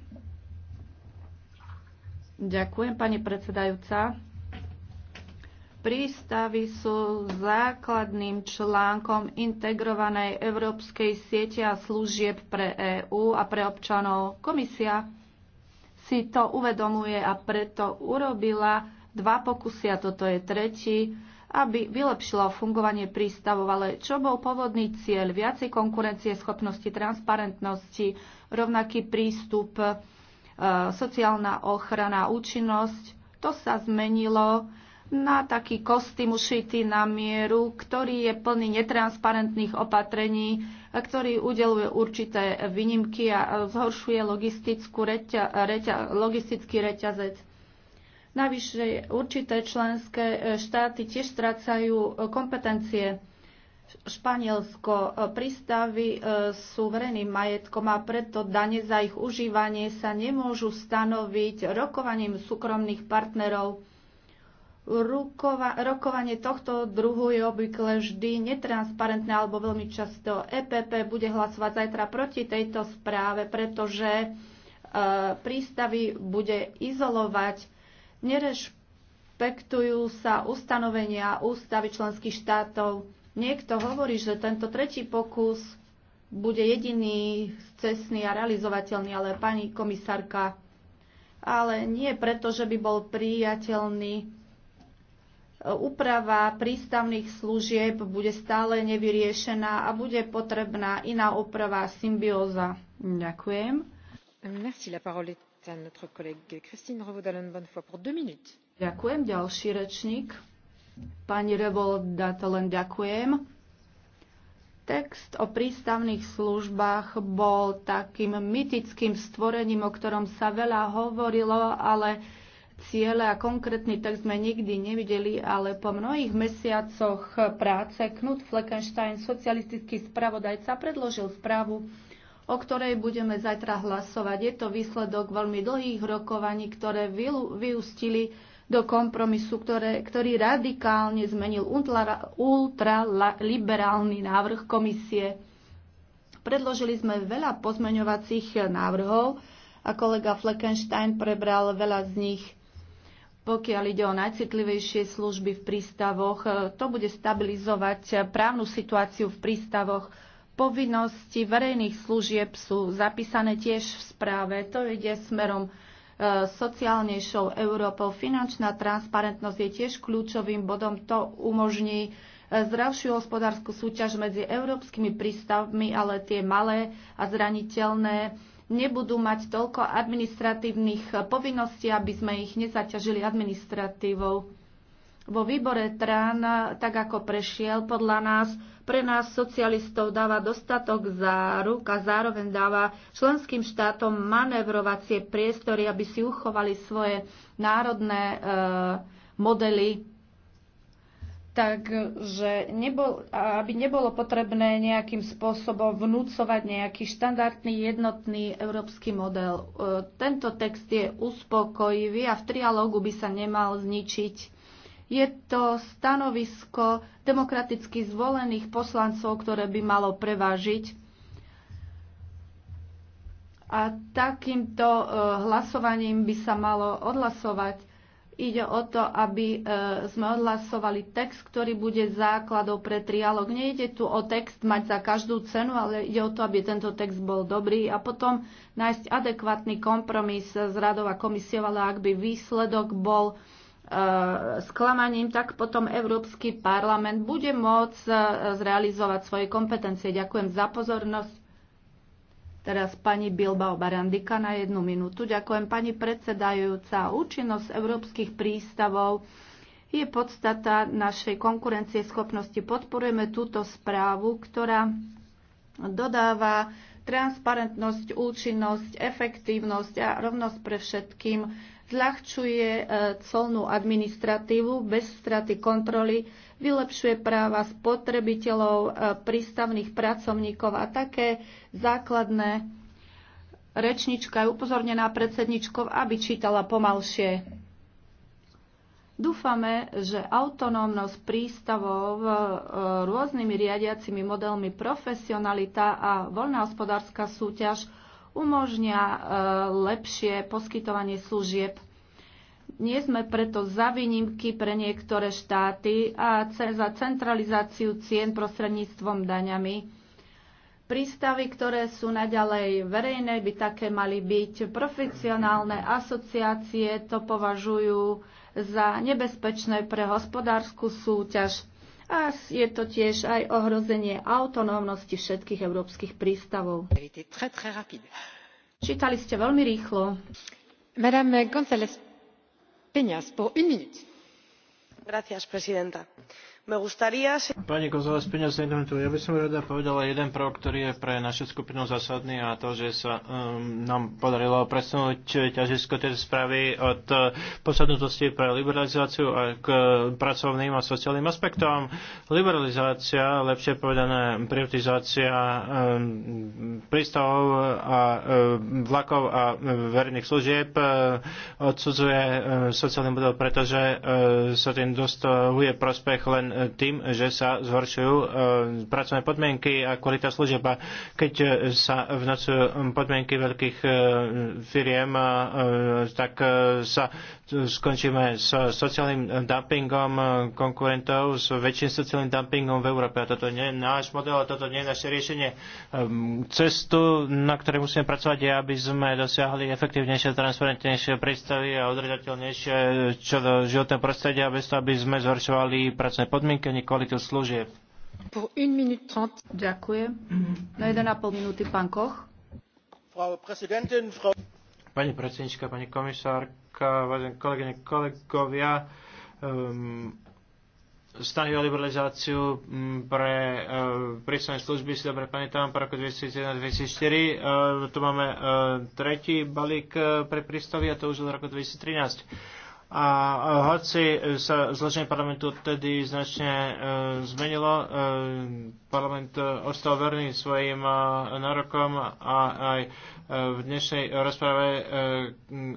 Ďakujem, pani predsedajúca. Prístavy sú základným článkom integrovanej európskej siete a služieb pre EÚ a pre občanov. Komisia si to uvedomuje a preto urobila dva pokusy a toto je tretí aby vylepšilo fungovanie prístavov, ale čo bol pôvodný cieľ? Viacej konkurencie, schopnosti, transparentnosti, rovnaký prístup, e, sociálna ochrana, účinnosť. To sa zmenilo na taký kostým ušitý na mieru, ktorý je plný netransparentných opatrení, e, ktorý udeluje určité výnimky a e, zhoršuje reťa, reťa, logistický reťazec. Navyše určité členské e, štáty tiež strácajú e, kompetencie. Španielsko e, prístavy sú verejným majetkom a preto dane za ich užívanie sa nemôžu stanoviť rokovaním súkromných partnerov. Rukova, rokovanie tohto druhu je obvykle vždy netransparentné alebo veľmi často. EPP bude hlasovať zajtra proti tejto správe, pretože e, prístavy bude izolovať nerešpektujú sa ustanovenia ústavy členských štátov. Niekto hovorí, že tento tretí pokus bude jediný cestný a realizovateľný, ale pani komisárka, ale nie preto, že by bol priateľný. Úprava prístavných služieb bude stále nevyriešená a bude potrebná iná úprava symbióza. Ďakujem. Merci, la parole Ďakujem. Ďalší rečník. Pani Revolda, to len ďakujem. Text o prístavných službách bol takým mytickým stvorením, o ktorom sa veľa hovorilo, ale ciele a konkrétny text sme nikdy nevideli, ale po mnohých mesiacoch práce Knut Fleckenstein, socialistický spravodajca, predložil správu o ktorej budeme zajtra hlasovať. Je to výsledok veľmi dlhých rokovaní, ktoré vyústili do kompromisu, ktoré, ktorý radikálne zmenil ultraliberálny ultra návrh komisie. Predložili sme veľa pozmeňovacích návrhov a kolega Fleckenstein prebral veľa z nich. Pokiaľ ide o najcitlivejšie služby v prístavoch, to bude stabilizovať právnu situáciu v prístavoch povinnosti verejných služieb sú zapísané tiež v správe. To ide smerom e, sociálnejšou Európou. Finančná transparentnosť je tiež kľúčovým bodom. To umožní e, zdravšiu hospodárskú súťaž medzi európskymi prístavmi, ale tie malé a zraniteľné nebudú mať toľko administratívnych povinností, aby sme ich nezaťažili administratívou. Vo výbore TRAN, tak ako prešiel, podľa nás pre nás socialistov dáva dostatok záruk a zároveň dáva členským štátom manevrovacie priestory, aby si uchovali svoje národné e, modely. Takže nebol, aby nebolo potrebné nejakým spôsobom vnúcovať nejaký štandardný jednotný európsky model. E, tento text je uspokojivý a v trialógu by sa nemal zničiť je to stanovisko demokraticky zvolených poslancov, ktoré by malo prevážiť. A takýmto e, hlasovaním by sa malo odhlasovať. Ide o to, aby e, sme odhlasovali text, ktorý bude základou pre trialog. Nejde tu o text mať za každú cenu, ale ide o to, aby tento text bol dobrý a potom nájsť adekvátny kompromis s radou a komisiou, ale ak by výsledok bol E, sklamaním, tak potom Európsky parlament bude môcť e, zrealizovať svoje kompetencie. Ďakujem za pozornosť. Teraz pani Bilbao Barandika na jednu minútu. Ďakujem pani predsedajúca. Účinnosť európskych prístavov je podstata našej konkurencie schopnosti. Podporujeme túto správu, ktorá dodáva transparentnosť, účinnosť, efektívnosť a rovnosť pre všetkým zľahčuje e, colnú administratívu bez straty kontroly, vylepšuje práva spotrebiteľov, e, prístavných pracovníkov a také základné rečnička je upozornená predsedničkov, aby čítala pomalšie. Dúfame, že autonómnosť prístavov e, rôznymi riadiacimi modelmi profesionalita a voľná hospodárska súťaž umožnia e, lepšie poskytovanie služieb. Nie sme preto za výnimky pre niektoré štáty a za centralizáciu cien prostredníctvom daňami. Prístavy, ktoré sú naďalej verejné, by také mali byť. Profesionálne asociácie to považujú za nebezpečné pre hospodárskú súťaž a je to tiež aj ohrozenie autonómnosti všetkých európskych prístavov. Čítali ste veľmi rýchlo. Madame González Peñas, por Gracias, presidenta Pani Kozová, spíňa sa internetu. Ja by som rada povedala jeden prvok, ktorý je pre našu skupinu zásadný a to, že sa um, nám podarilo presunúť ťažisko tej správy od uh, posadnutosti pre liberalizáciu a k uh, pracovným a sociálnym aspektom. Liberalizácia, lepšie povedané privatizácia um, prístavov a um, vlakov a um, verejných služieb uh, odsudzuje um, sociálny model, pretože uh, sa tým dostahuje prospech len tým, že sa zhoršujú e, pracovné podmienky a kvalita služieb. A keď sa vnocujú podmienky veľkých e, firiem, e, tak sa skončíme s sociálnym dumpingom konkurentov, s väčším sociálnym dumpingom v Európe. A toto nie je náš model, a toto nie je naše riešenie. Ehm, cestu, na ktorej musíme pracovať, je, aby sme dosiahli efektívnejšie, transparentnejšie predstavy a odredateľnejšie čo do životného prostredia, bez toho, aby sme zhoršovali pracovné podmienky ani kvalitu služieb. Ďakujem. Na 1,5 minúty pán Koch. Pani predsednička, pani komisárka, otázka, vážené kolegyne, kolegovia. Um, o liberalizáciu mm, pre uh, eh, prísne služby, si dobre pamätám, pre roku 2001-2004. Uh, eh, tu máme uh, tretí balík uh, pre prístavy a to už od roku 2013. A hoci sa zloženie parlamentu odtedy značne e, zmenilo, e, parlament ostal verný svojim e, nárokom a aj v dnešnej rozprave e,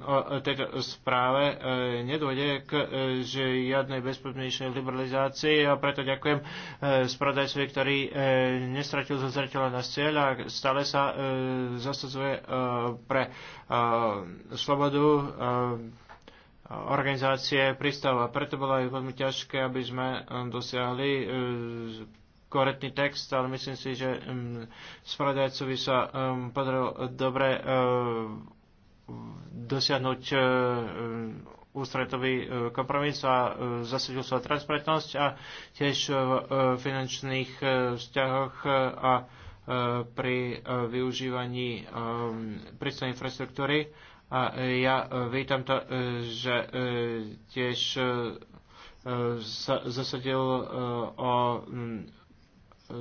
o tejto správe e, nedôjde k e, žiadnej bezpodmienečnej liberalizácii a preto ďakujem spravodajcovi, ktorý nestratil zo zreteľa na cieľ a stále sa zasadzuje pre slobodu organizácie prístavu. preto bolo aj veľmi ťažké, aby sme dosiahli korektný text, ale myslím si, že um, spravodajcovi sa um, podarilo dobre uh, dosiahnuť uh, ústretový uh, kompromis a uh, zasadil sa transparentnosť a tiež v uh, finančných uh, vzťahoch uh, a uh, pri uh, využívaní um, prístavnej infraštruktúry. A ja vítam to, že tiež zasadil o E,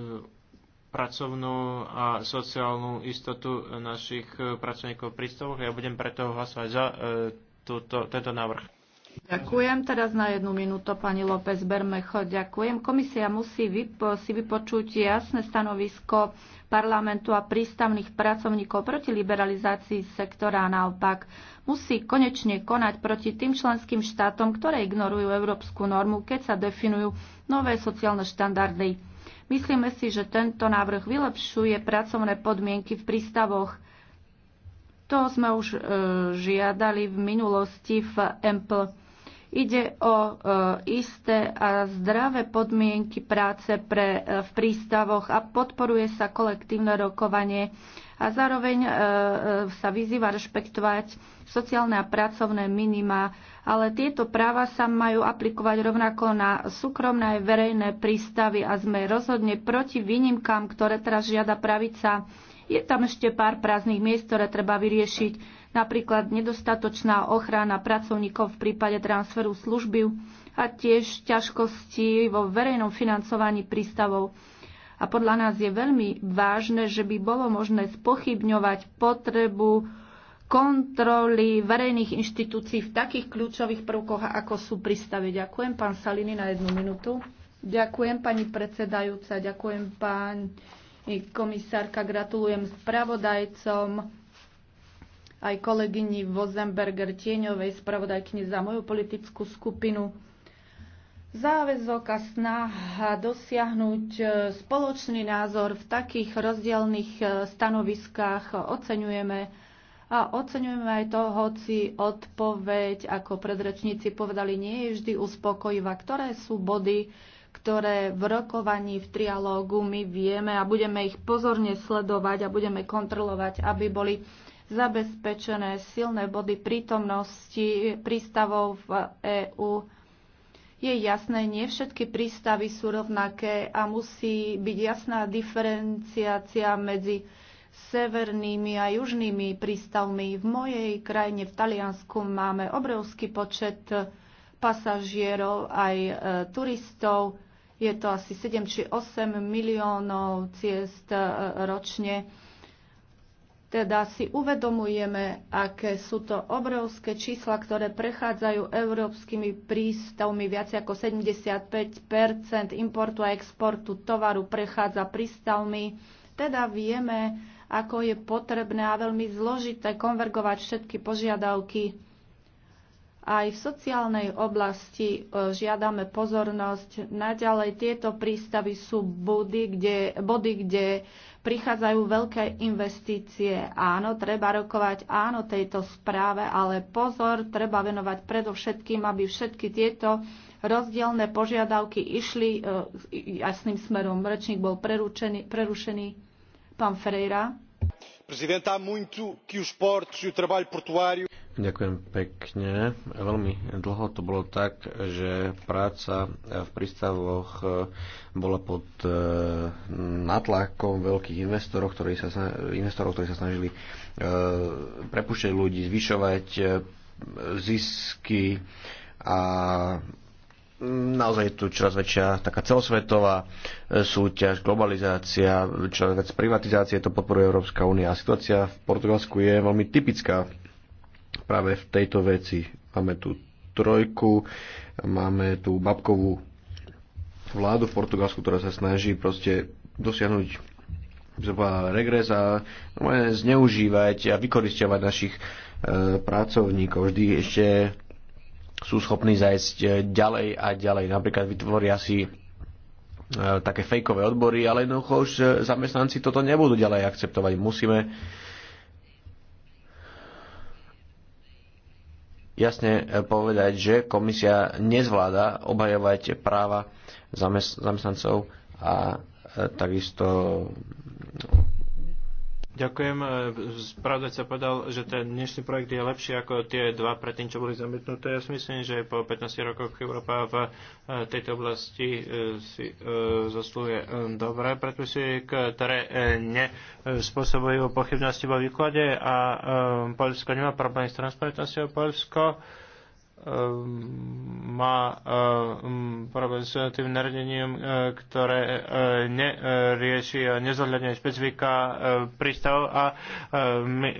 pracovnú a sociálnu istotu našich e, pracovníkov v prístavoch. Ja budem preto hlasovať za e, túto, tento návrh. Ďakujem. Teraz na jednu minútu pani López Bermecho. Ďakujem. Komisia musí vypo, si vypočuť jasné stanovisko parlamentu a prístavných pracovníkov proti liberalizácii sektora a naopak musí konečne konať proti tým členským štátom, ktoré ignorujú európsku normu, keď sa definujú nové sociálne štandardy. Myslíme si, že tento návrh vylepšuje pracovné podmienky v prístavoch. To sme už e, žiadali v minulosti v EMPL. Ide o e, isté a zdravé podmienky práce pre, e, v prístavoch a podporuje sa kolektívne rokovanie a zároveň e, e, sa vyzýva rešpektovať sociálne a pracovné minima ale tieto práva sa majú aplikovať rovnako na súkromné aj verejné prístavy a sme rozhodne proti výnimkám, ktoré teraz žiada pravica. Je tam ešte pár prázdnych miest, ktoré treba vyriešiť, napríklad nedostatočná ochrana pracovníkov v prípade transferu služby a tiež ťažkosti vo verejnom financovaní prístavov. A podľa nás je veľmi vážne, že by bolo možné spochybňovať potrebu kontroly verejných inštitúcií v takých kľúčových prvkoch, ako sú pristave. Ďakujem, pán Salini, na jednu minútu. Ďakujem, pani predsedajúca, ďakujem, pán komisárka, gratulujem spravodajcom aj kolegyni Vozenberger Tieňovej, spravodajkyni za moju politickú skupinu. Záväzok a snaha dosiahnuť e, spoločný názor v takých rozdielných e, stanoviskách oceňujeme a oceňujeme aj to, hoci odpoveď, ako predrečníci povedali, nie je vždy uspokojivá. Ktoré sú body, ktoré v rokovaní, v trialógu my vieme a budeme ich pozorne sledovať a budeme kontrolovať, aby boli zabezpečené silné body prítomnosti prístavov v EÚ. Je jasné, nie všetky prístavy sú rovnaké a musí byť jasná diferenciácia medzi severnými a južnými prístavmi. V mojej krajine v Taliansku máme obrovský počet pasažierov aj e, turistov. Je to asi 7 či 8 miliónov ciest e, ročne. Teda si uvedomujeme, aké sú to obrovské čísla, ktoré prechádzajú európskymi prístavmi. Viac ako 75 importu a exportu tovaru prechádza prístavmi. Teda vieme, ako je potrebné a veľmi zložité konvergovať všetky požiadavky. Aj v sociálnej oblasti e, žiadame pozornosť. Naďalej tieto prístavy sú body, kde, body, kde prichádzajú veľké investície. Áno, treba rokovať áno tejto správe, ale pozor, treba venovať predovšetkým, aby všetky tieto rozdielne požiadavky išli e, jasným smerom. Rečník bol prerušený. Pán Ferreira. E Ďakujem pekne. Veľmi dlho to bolo tak, že práca v prístavoch e, bola pod e, natlakom veľkých investorov, ktorí sa, investorov, ktorí sa snažili prepušťať ľudí, zvyšovať zisky a Mm, naozaj je tu čoraz väčšia taká celosvetová e, súťaž, globalizácia, čoraz viac privatizácie, to podporuje Európska únia. A situácia v Portugalsku je veľmi typická práve v tejto veci. Máme tu trojku, máme tu babkovú vládu v Portugalsku, ktorá sa snaží proste dosiahnuť regres a zneužívať a vykoristovať našich e, pracovníkov. Vždy ešte sú schopní zajsť e, ďalej a ďalej. Napríklad vytvoria si e, také fejkové odbory, ale jednoducho už e, zamestnanci toto nebudú ďalej akceptovať. Musíme jasne povedať, že komisia nezvláda obhajovať práva zamestnancov a takisto Ďakujem. E, Pravda sa povedal, že ten dnešný projekt je lepší ako tie dva predtým, čo boli zamietnuté. Ja si myslím, že po 15 rokoch Európa v e, tejto oblasti e, si zaslúhuje dobré predpisy, ktoré nespôsobujú pochybnosti vo výklade a Polsko nemá problém s transparentnosťou. Polsko Ehm, má ehm, problém s tým nariadením, e, ktoré e, nerieši a nezohľadňuje špecifika e, prístavov a my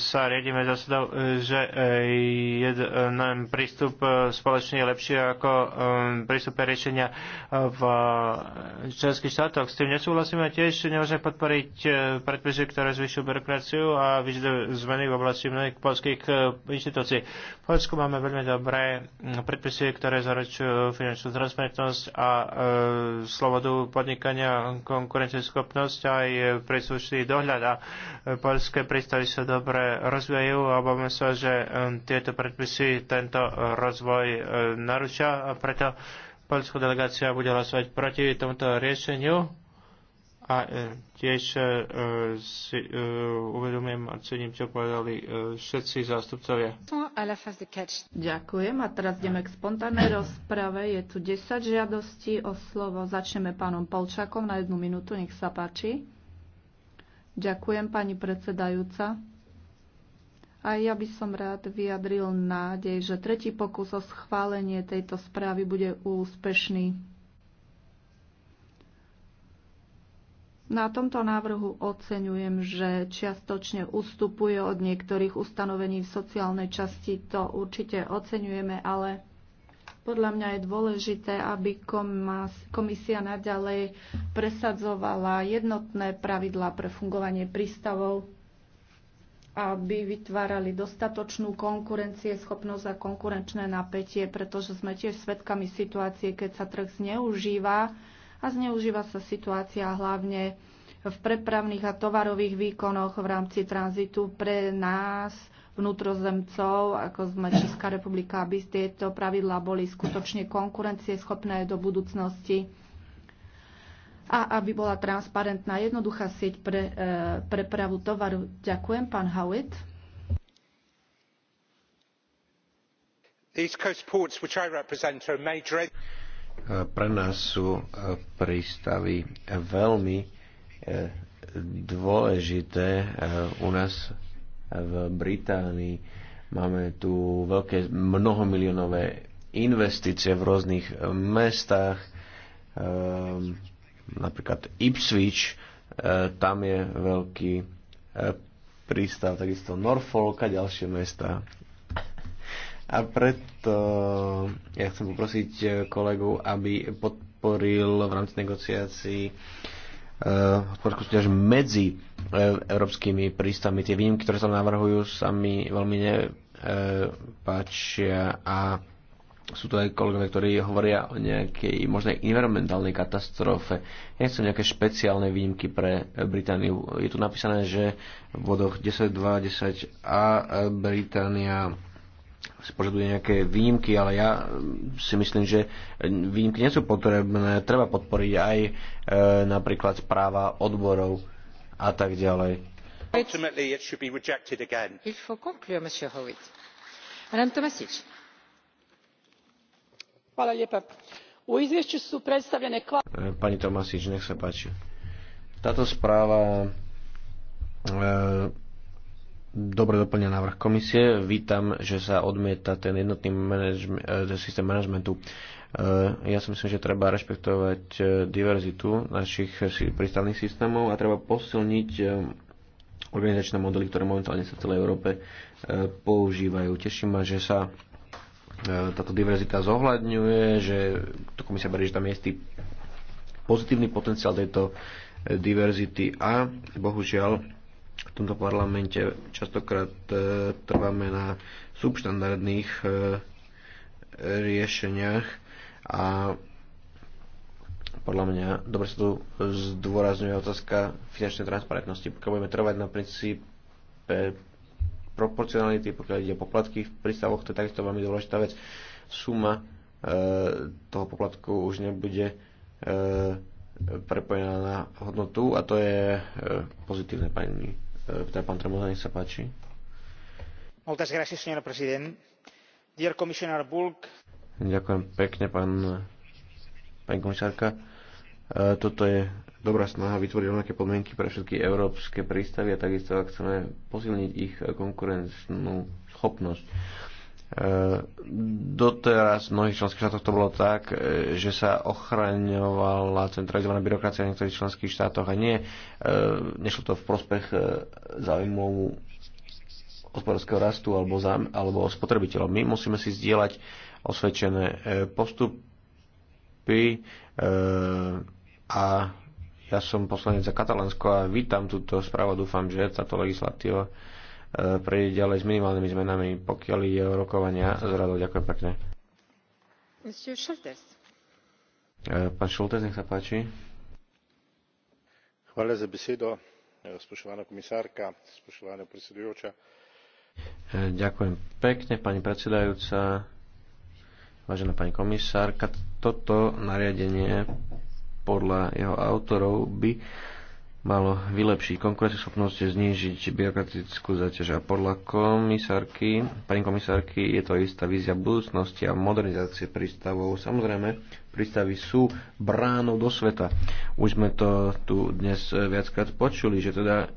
sa riadíme zásadou, že jeden prístup spoločný je lepší ako ehm, prístup riešenia v členských štátoch. S tým nesúhlasíme tiež, nemôžeme podporiť predpisy, ktoré zvyšujú byrokraciu a vyžadujú zmeny v oblasti mnohých polských inštitúcií. V Polsku máme Máme veľmi dobré mm, predpisy, ktoré zaručujú finančnú transparentnosť a e, slobodu podnikania, konkurencieschopnosť a aj príslušný dohľad. A e, polské prístavy sa dobre rozvíjajú a obávame sa, že e, tieto predpisy tento rozvoj e, narušia a preto polská delegácia bude hlasovať proti tomuto riešeniu a e, tiež e, si e, uvedomujem a cením, čo povedali všetci zástupcovia. Ďakujem a teraz ideme k spontánnej rozprave. Je tu 10 žiadostí o slovo. Začneme pánom Polčakom na jednu minútu, nech sa páči. Ďakujem, pani predsedajúca. A ja by som rád vyjadril nádej, že tretí pokus o schválenie tejto správy bude úspešný. Na tomto návrhu oceňujem, že čiastočne ustupuje od niektorých ustanovení v sociálnej časti. To určite oceňujeme, ale podľa mňa je dôležité, aby komisia naďalej presadzovala jednotné pravidlá pre fungovanie prístavov, aby vytvárali dostatočnú schopnosť a konkurenčné napätie, pretože sme tiež svedkami situácie, keď sa trh zneužíva a zneužíva sa situácia hlavne v prepravných a tovarových výkonoch v rámci tranzitu pre nás, vnútrozemcov, ako sme Česká republika, aby tieto pravidlá boli skutočne konkurencieschopné do budúcnosti a aby bola transparentná jednoduchá sieť pre e, prepravu tovaru. Ďakujem, pán Howitt. These coast ports which I represent are major pre nás sú e, prístavy veľmi e, dôležité e, u nás v Británii. Máme tu veľké mnohomilionové investície v rôznych mestách, napríklad Ipswich, tam je veľký prístav, takisto Norfolk a ďalšie mesta a preto ja chcem poprosiť eh, kolegu, aby podporil v rámci negociácií eh, hospodárskú súťaž medzi e, európskymi prístavmi. Tie výnimky, ktoré sa navrhujú, sa mi veľmi nepáčia a sú to aj kolegovia, ktorí hovoria o nejakej možnej environmentálnej katastrofe. Nie sú nejaké špeciálne výnimky pre Britániu. Je tu napísané, že v vodoch 10.2.10 a Británia požaduje nejaké výjimky, ale ja mm, si myslím, že výjimky nie sú potrebné. Treba podporiť aj e, napríklad práva odborov a tak ďalej. U izvješću su predstavljene... E, pani Tomasić, nech sa páči. Táto správa e, dobre doplňa návrh komisie. Vítam, že sa odmieta ten jednotný manažme, eh, systém manažmentu. Eh, ja si myslím, že treba rešpektovať eh, diverzitu našich prístavných systémov a treba posilniť organizačné modely, ktoré momentálne sa v celej Európe používajú. Teším ma, že sa táto diverzita zohľadňuje, že to komisia berie, že tam je istý pozitívny potenciál tejto diverzity a bohužiaľ v tomto parlamente častokrát e, trváme na subštandardných e, riešeniach a podľa mňa dobre sa tu zdôrazňuje otázka finančnej transparentnosti. Pokiaľ budeme trvať na princípe proporcionality, pokiaľ ide o poplatky v prístavoch, to je takisto veľmi dôležitá vec. Suma e, toho poplatku už nebude e, prepojená na hodnotu a to je e, pozitívne, pani teda pán nech sa páči. Moltes gràcies, senyor president. Dear Commissioner Bulk. Ďakujem pekne, pán, komisárka. E, toto je dobrá snaha vytvoriť rovnaké podmienky pre všetky európske prístavy a takisto ak chceme posilniť ich konkurenčnú schopnosť E, doteraz v mnohých členských štátoch to bolo tak, e, že sa ochraňovala centralizovaná byrokracia v niektorých členských štátoch a nie. E, nešlo to v prospech záujmov hospodárskeho rastu alebo, zám, alebo spotrebiteľov. My musíme si zdieľať osvedčené postupy a ja som poslanec za Katalánsko a vítam túto správu. Dúfam, že táto legislatíva prejde ďalej s minimálnymi zmenami, pokiaľ ide o rokovania s radou. Ďakujem pekne. E, pán Šultes, nech sa páči. Hvala za besedo, e, spoštovana komisárka, spoštovana predsedujúča. E, ďakujem pekne, pani predsedajúca, vážená pani komisárka. Toto nariadenie podľa jeho autorov by malo vylepšiť konkurenceschopnosť, znížiť byrokratickú zaťaž. A podľa komisárky, pani komisárky, je to istá vízia budúcnosti a modernizácie prístavov. Samozrejme, prístavy sú bránou do sveta. Už sme to tu dnes viackrát počuli, že teda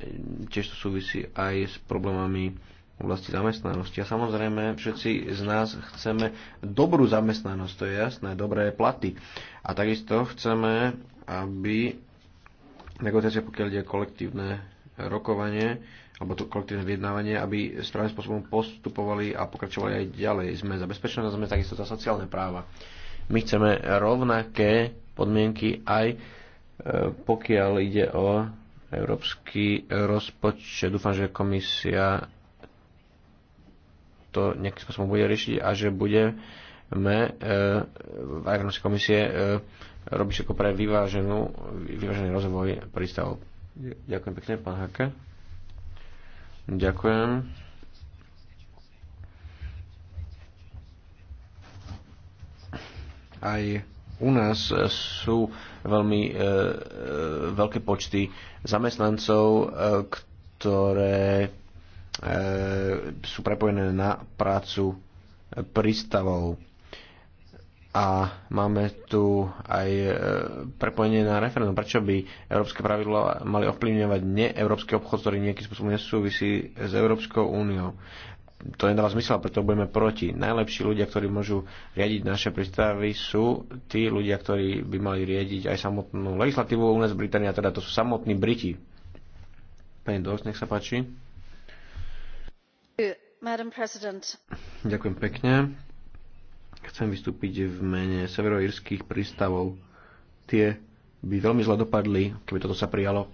tiež to súvisí aj s problémami v oblasti zamestnanosti. A samozrejme, všetci z nás chceme dobrú zamestnanosť, to je jasné, dobré platy. A takisto chceme, aby negociácie, pokiaľ ide kolektívne rokovanie alebo to kolektívne vyjednávanie, aby správnym spôsobom postupovali a pokračovali aj ďalej. Sme za bezpečnosť a sme takisto za sociálne práva. My chceme rovnaké podmienky aj e, pokiaľ ide o európsky rozpočet. Dúfam, že komisia to nejakým spôsobom bude riešiť a že budeme e, v Európskej komisie e, robí všetko pre vyváženú, vyvážený rozvoj prístavov. Ďakujem pekne, pán Hake. Ďakujem. Aj u nás sú veľmi e, e veľké počty zamestnancov, e, ktoré e, sú prepojené na prácu prístavov a máme tu aj e, prepojenie na referendum. Prečo by európske pravidlo mali ovplyvňovať neeurópsky obchod, ktorý nejakým spôsobom nesúvisí s Európskou úniou? To nedáva zmysel, preto budeme proti. Najlepší ľudia, ktorí môžu riadiť naše prístavy, sú tí ľudia, ktorí by mali riadiť aj samotnú legislatívu u nás Británia, teda to sú samotní Briti. Pani Dost, nech sa páči. Ďakujem pekne Chcem vystúpiť v mene severoírskych prístavov. Tie by veľmi zle dopadli, keby toto sa prijalo.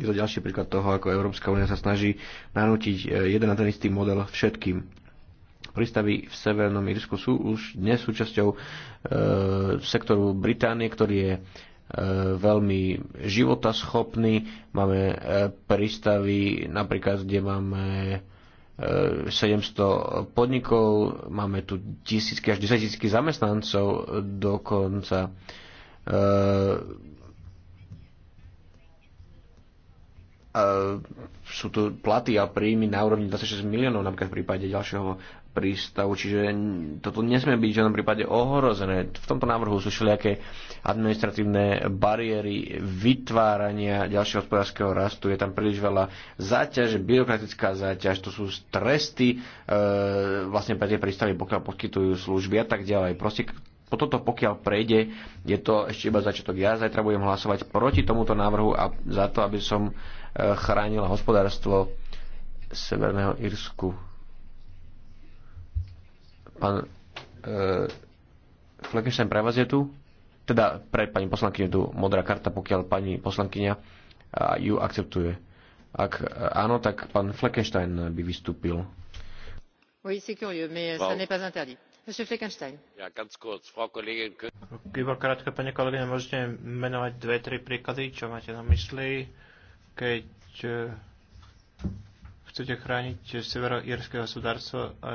Je to ďalší príklad toho, ako Európska únia sa snaží nanútiť e, jeden a ten istý model všetkým. Prístavy v Severnom Írsku sú už dnes súčasťou e, sektoru Británie, ktorý je e, veľmi životaschopný. Máme e, prístavy, napríklad, kde máme 700 podnikov, máme tu tisícky až desaťtisícky zamestnancov dokonca. sú tu platy a príjmy na úrovni 26 miliónov napríklad v prípade ďalšieho prístavu, čiže toto nesmie byť v žiadnom prípade ohrozené. V tomto návrhu sú všelijaké administratívne bariéry vytvárania ďalšieho hospodárskeho rastu. Je tam príliš veľa záťaž, byrokratická záťaž, to sú tresty e, vlastne pre tie prístavy, pokiaľ poskytujú služby a tak ďalej. Proste po toto pokiaľ prejde, je to ešte iba začiatok. Ja zajtra budem hlasovať proti tomuto návrhu a za to, aby som chránila hospodárstvo Severného Irsku. Pán e, Flekenstein pre vás je tu? Teda pre pani poslankyňu tu modrá karta, pokiaľ pani poslankyňa ju akceptuje. Ak áno, tak pán Fleckenstein by vystúpil. Oui, c'est curieux, mais euh, wow. ça n'est pas interdit. Monsieur Fleckenstein. Ja, krátko, pani kolegyne, môžete menovať dve, tri príklady, čo máte na mysli? keď e, chcete chrániť severoírske hospodárstvo, e, e,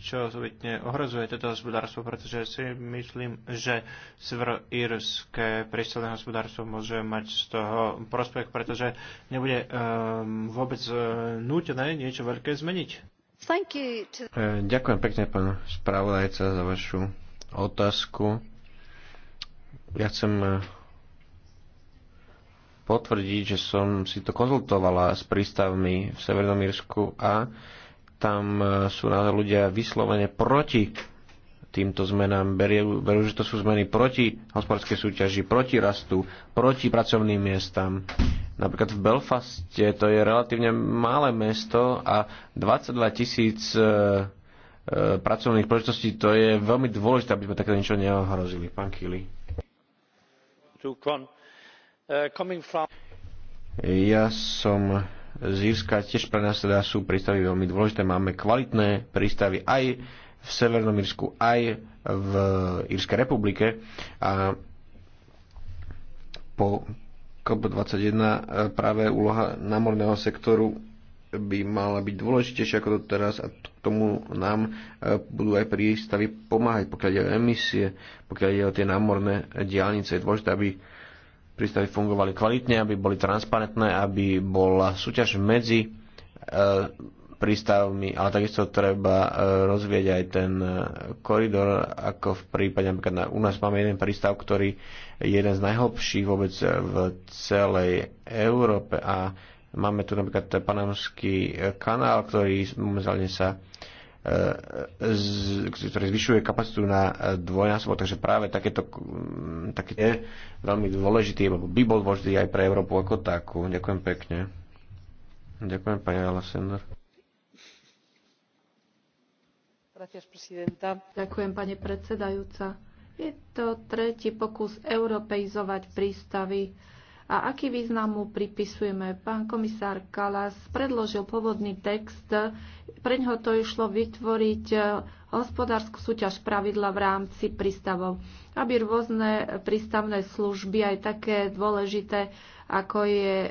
čo osobitne ohrozuje toto hospodárstvo, pretože si myslím, že severoírske priestelné hospodárstvo môže mať z toho prospech, pretože nebude um, vôbec uh, nútené niečo veľké zmeniť. Thank you to... Ďakujem pekne, pán spravodajca, za vašu otázku. Ja chcem potvrdiť, že som si to konzultovala s prístavmi v Severnom Írsku a tam e, sú naozaj ľudia vyslovene proti týmto zmenám. Berú, berú, že to sú zmeny proti hospodárskej súťaži, proti rastu, proti pracovným miestam. Napríklad v Belfaste to je relatívne malé mesto a 22 tisíc e, e, pracovných príležitostí to je veľmi dôležité, aby sme takéto niečo neohrozili. Pán Kili. Uh, ja som z Írska, tiež pre nás teda sú prístavy veľmi dôležité. Máme kvalitné prístavy aj v Severnom Írsku, aj v Írskej republike. A po COP21 eh, práve úloha námorného sektoru by mala byť dôležitejšia ako doteraz a k tomu nám eh, budú aj prístavy pomáhať, pokiaľ ide o emisie, pokiaľ ide o tie námorné diálnice. Je dôležité, aby prístavy fungovali kvalitne, aby boli transparentné, aby bola súťaž medzi e, prístavmi, ale takisto treba e, rozvieť aj ten e, koridor, ako v prípade napríklad na, u nás máme jeden prístav, ktorý je jeden z najhlbších vôbec v celej Európe a máme tu napríklad panamský kanál, ktorý momentálne sa ktorý zvyšuje kapacitu na dvojnásobok, takže práve takéto také je veľmi dôležitý, lebo by bol dôležitý aj pre Európu ako takú. Ďakujem pekne. Ďakujem, pani Alessandr. Ďakujem, pani predsedajúca. Je to tretí pokus europeizovať prístavy a aký význam mu pripisujeme. Pán komisár Kalas predložil pôvodný text, pre ňoho to išlo vytvoriť e, hospodárskú súťaž pravidla v rámci prístavov, aby rôzne prístavné služby, aj také dôležité, ako je e,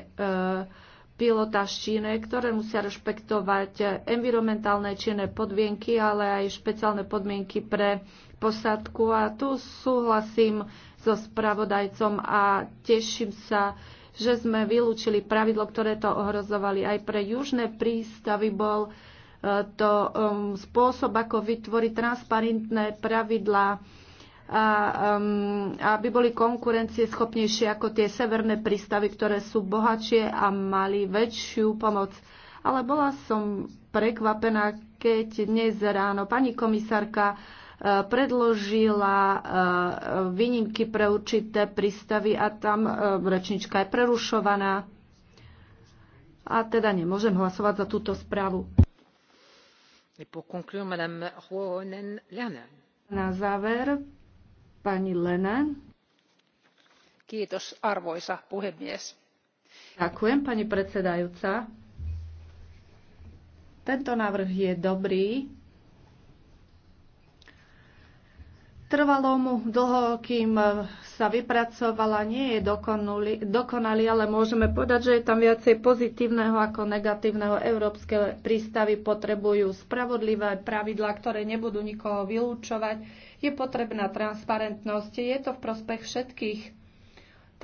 pilota z ktoré musia rešpektovať environmentálne činné podmienky, ale aj špeciálne podmienky pre posádku. A tu súhlasím so spravodajcom a teším sa, že sme vylúčili pravidlo, ktoré to ohrozovali. Aj pre južné prístavy bol e, to um, spôsob, ako vytvoriť transparentné pravidlá, a, um, aby boli konkurencie schopnejšie ako tie severné prístavy, ktoré sú bohatšie a mali väčšiu pomoc. Ale bola som prekvapená, keď dnes ráno pani komisárka predložila e, výnimky pre určité prístavy a tam e, rečnička je prerušovaná. A teda nemôžem hlasovať za túto správu. Na záver, pani Lena. Kiitos, arvoisa puhemies. Ďakujem, pani predsedajúca. Tento návrh je dobrý Trvalo mu dlho, kým eh, sa vypracovala, nie je dokonalý, dokonalý, ale môžeme povedať, že je tam viacej pozitívneho ako negatívneho. Európske prístavy potrebujú spravodlivé pravidlá, ktoré nebudú nikoho vylúčovať. Je potrebná transparentnosť, je to v prospech všetkých.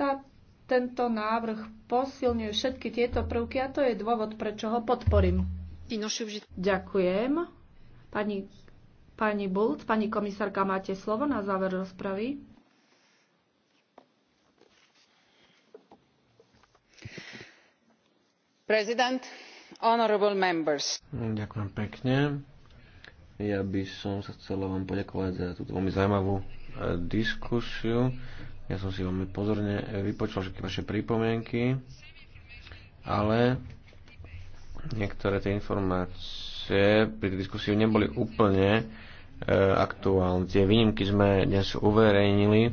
Tá, tento návrh posilňuje všetky tieto prvky a to je dôvod, prečo ho podporím. Ďakujem. Pani Pani Bult, pani komisárka, máte slovo na záver rozpravy. Prezident, honorable members. Ďakujem pekne. Ja by som sa chcela vám poďakovať za túto veľmi zaujímavú e, diskusiu. Ja som si veľmi pozorne vypočul všetky vaše pripomienky, ale niektoré tie informácie pri diskusii neboli úplne E, aktuálne. Tie výnimky sme dnes uverejnili.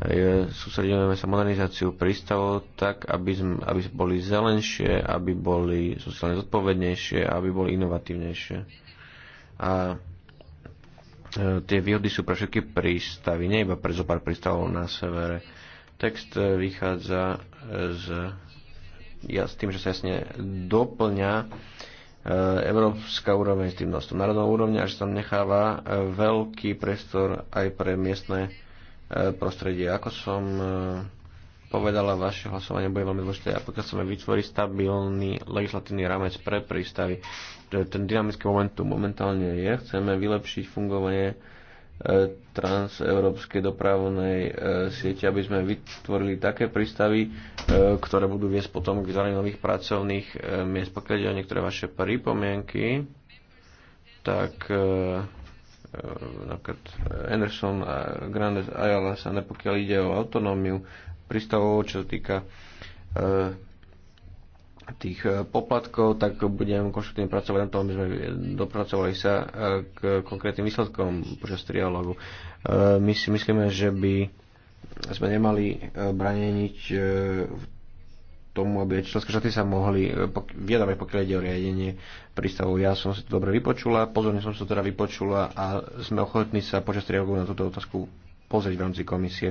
E, sústredujeme sa modernizáciu prístavov tak, aby, sme, aby boli zelenšie, aby boli sociálne zodpovednejšie, aby boli inovatívnejšie. A e, tie výhody sú pre všetky prístavy, nie iba pre zopár prístavov na severe. Text vychádza z, ja, s tým, že sa jasne doplňa Eh, európska úroveň s tým množstvom národnou úrovne a že tam necháva eh, veľký priestor aj pre miestne eh, prostredie. Ako som povedala, vaše hlasovanie bude veľmi dôležité a pokiaľ chceme vytvoriť stabilný legislatívny rámec pre prístavy, ten dynamický moment tu momentálne je, chceme vylepšiť fungovanie transeurópskej dopravnej e, siete, aby sme vytvorili také prístavy, e, ktoré budú viesť potom k zvaní nových pracovných e, miest. Pokiaľ ide o niektoré vaše pripomienky, tak napríklad Anderson a Grandes Ayala sa nepokiaľ ide o autonómiu prístavov, čo sa týka tých e, poplatkov, tak budem konštruktívne pracovať na tom, aby sme dopracovali sa e, k konkrétnym výsledkom počas trialógu. E, my si myslíme, že by sme nemali braneniť tomu, aby členské štáty sa mohli vyjadrovať, pokiaľ ide o riadenie prístavov. Ja som si to dobre vypočula, pozorne som sa teda vypočula a sme ochotní sa počas trialógu na túto otázku pozrieť v rámci komisie.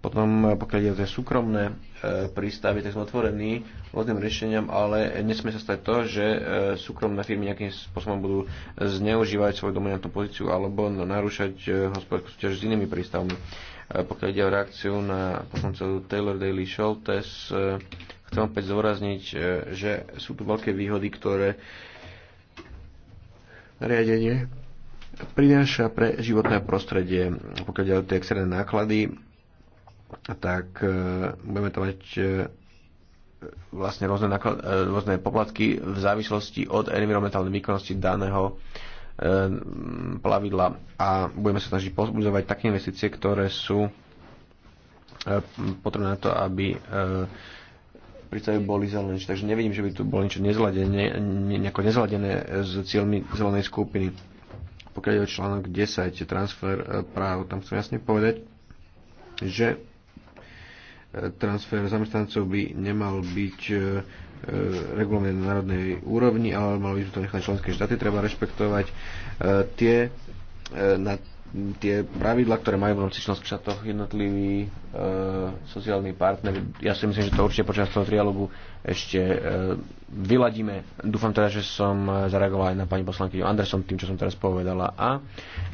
Potom, eh, pokiaľ je o súkromné eh, prístavy, tak sme otvorení rôznym riešeniam, ale nesmie sa stať to, že eh, súkromné firmy nejakým spôsobom budú zneužívať svoju dominantnú pozíciu alebo narúšať hospodárskú súťaž s inými prístavmi. Pokiaľ ide o reakciu na poslancov Taylor Daily Schultes, chcem opäť zdôrazniť, že sú tu veľké výhody, ktoré riadenie prináša pre životné prostredie, pokiaľ ide o tie externé náklady tak e, budeme to mať e, vlastne rôzne, náklad, e, rôzne poplatky v závislosti od environmentálnej výkonnosti daného plavidla a budeme sa snažiť pozbudzovať také investície, ktoré sú potrebné na to, aby prístavy boli zelenejšie. Takže nevidím, že by tu bolo niečo nezladené, nejako nezladené s cieľmi zelenej skupiny. Pokiaľ je o článok 10, transfer práv, tam chcem jasne povedať, že transfer zamestnancov by nemal byť e, e, regulovaný na národnej úrovni, ale malo by to nechať členské štáty. Treba rešpektovať e, tie na tie pravidla, ktoré majú v rámci členských štátoch jednotliví e, sociálni partneri. Ja si myslím, že to určite počas toho trialogu ešte e, vyladíme. Dúfam teda, že som e, zareagoval aj na pani poslankyňu Anderson tým, čo som teraz povedala. A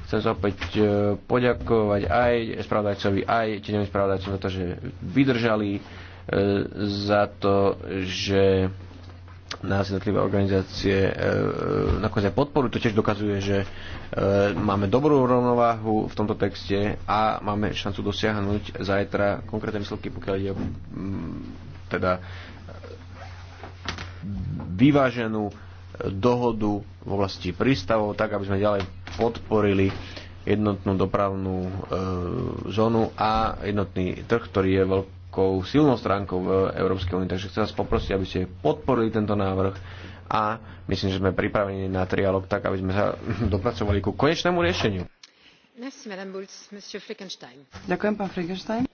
chcem sa opäť e, poďakovať aj spravodajcovi, aj tieňovým spravodajcom za to, že vydržali, e, za to, že nás jednotlivé organizácie e, e nakoniec aj podporu. To tiež dokazuje, že e, máme dobrú rovnováhu v tomto texte a máme šancu dosiahnuť zajtra konkrétne výsledky, pokiaľ ide mm, teda e, vyváženú e, dohodu v oblasti prístavov, tak aby sme ďalej podporili jednotnú dopravnú e, zónu a jednotný trh, ktorý je veľký stránkou, silnou stránkou v e, Európskej únii. Takže chcem vás poprosiť, aby ste podporili tento návrh a myslím, že sme pripravení na trialog tak, aby sme sa dopracovali ku konečnému riešeniu. Merci, Madame Bulls, Monsieur Fleckenstein. Ďakujem, pán Fleckenstein.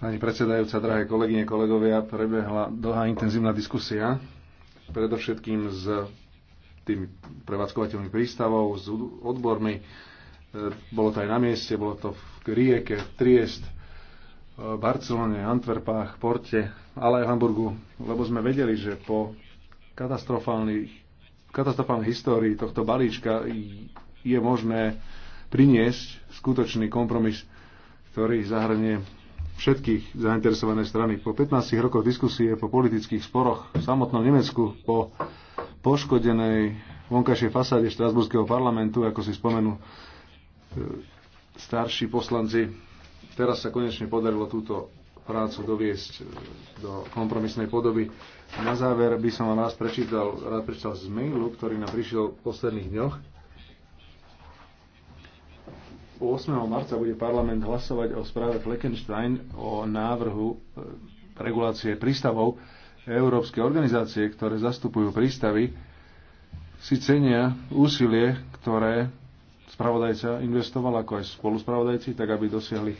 Pani predsedajúca, drahé kolegyne, kolegovia, prebehla dlhá intenzívna diskusia, predovšetkým s tými prevádzkovateľmi prístavov, s odbormi. E, bolo to aj na mieste, bolo to v Rieke, Triest, Barcelone, Antwerpách, Porte, ale aj Hamburgu, lebo sme vedeli, že po katastrofálnej histórii tohto balíčka je možné priniesť skutočný kompromis, ktorý zahrnie všetkých zainteresované strany. Po 15 rokoch diskusie po politických sporoch v samotnom Nemecku, po poškodenej vonkajšej fasáde Štrasburského parlamentu, ako si spomenú starší poslanci. Teraz sa konečne podarilo túto prácu doviesť e, do kompromisnej podoby. Na záver by som vám raz prečítal, rád prečítal z mailu, ktorý nám prišiel v posledných dňoch. 8. marca bude parlament hlasovať o správe Fleckenstein o návrhu e, regulácie prístavov. Európske organizácie, ktoré zastupujú prístavy, si cenia úsilie, ktoré spravodajca investoval, ako aj spoluspravodajci, tak aby dosiahli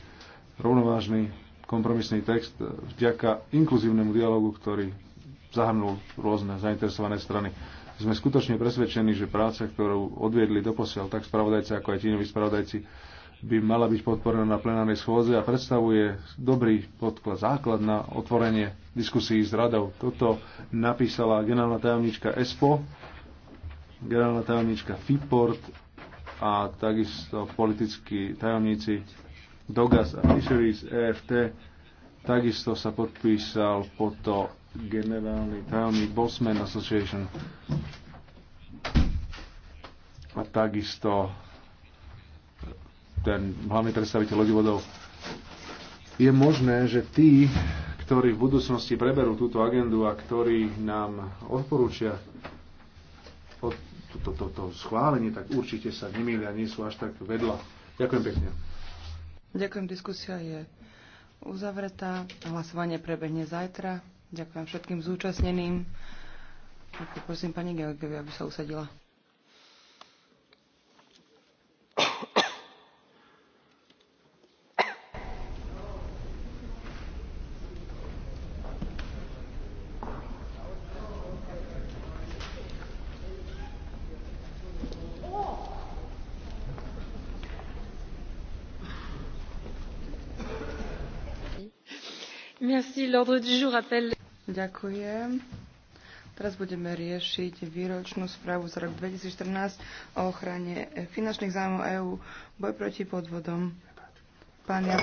rovnovážny kompromisný text e, vďaka inkluzívnemu dialogu, ktorý zahrnul rôzne zainteresované strany. Sme skutočne presvedčení, že práca, ktorú odviedli doposiaľ tak spravodajci, ako aj tíňoví spravodajci, by mala byť podporená na plenárnej schôdze a predstavuje dobrý podklad, základ na otvorenie diskusí s radou. Toto napísala generálna tajomnička ESPO, generálna tajomnička FIPORT a takisto politickí tajomníci Dogas a Fisheries EFT. Takisto sa podpísal po to generálny tajomník Bosman Association a takisto ten hlavný predstaviteľ lodivodov. Je možné, že tí, ktorí v budúcnosti preberú túto agendu a ktorí nám odporúčia to, to, to schválenie, tak určite sa nemýlia, nie sú až tak vedľa. Ďakujem pekne. Ďakujem, diskusia je uzavretá. Hlasovanie prebehne zajtra. Ďakujem všetkým zúčastneným. Poprosím pani Georgievi, aby sa usadila. Ďakujem. Teraz budeme riešiť výročnú správu z roku 2014 o ochrane finančných zájmov EÚ, boj proti podvodom. Pán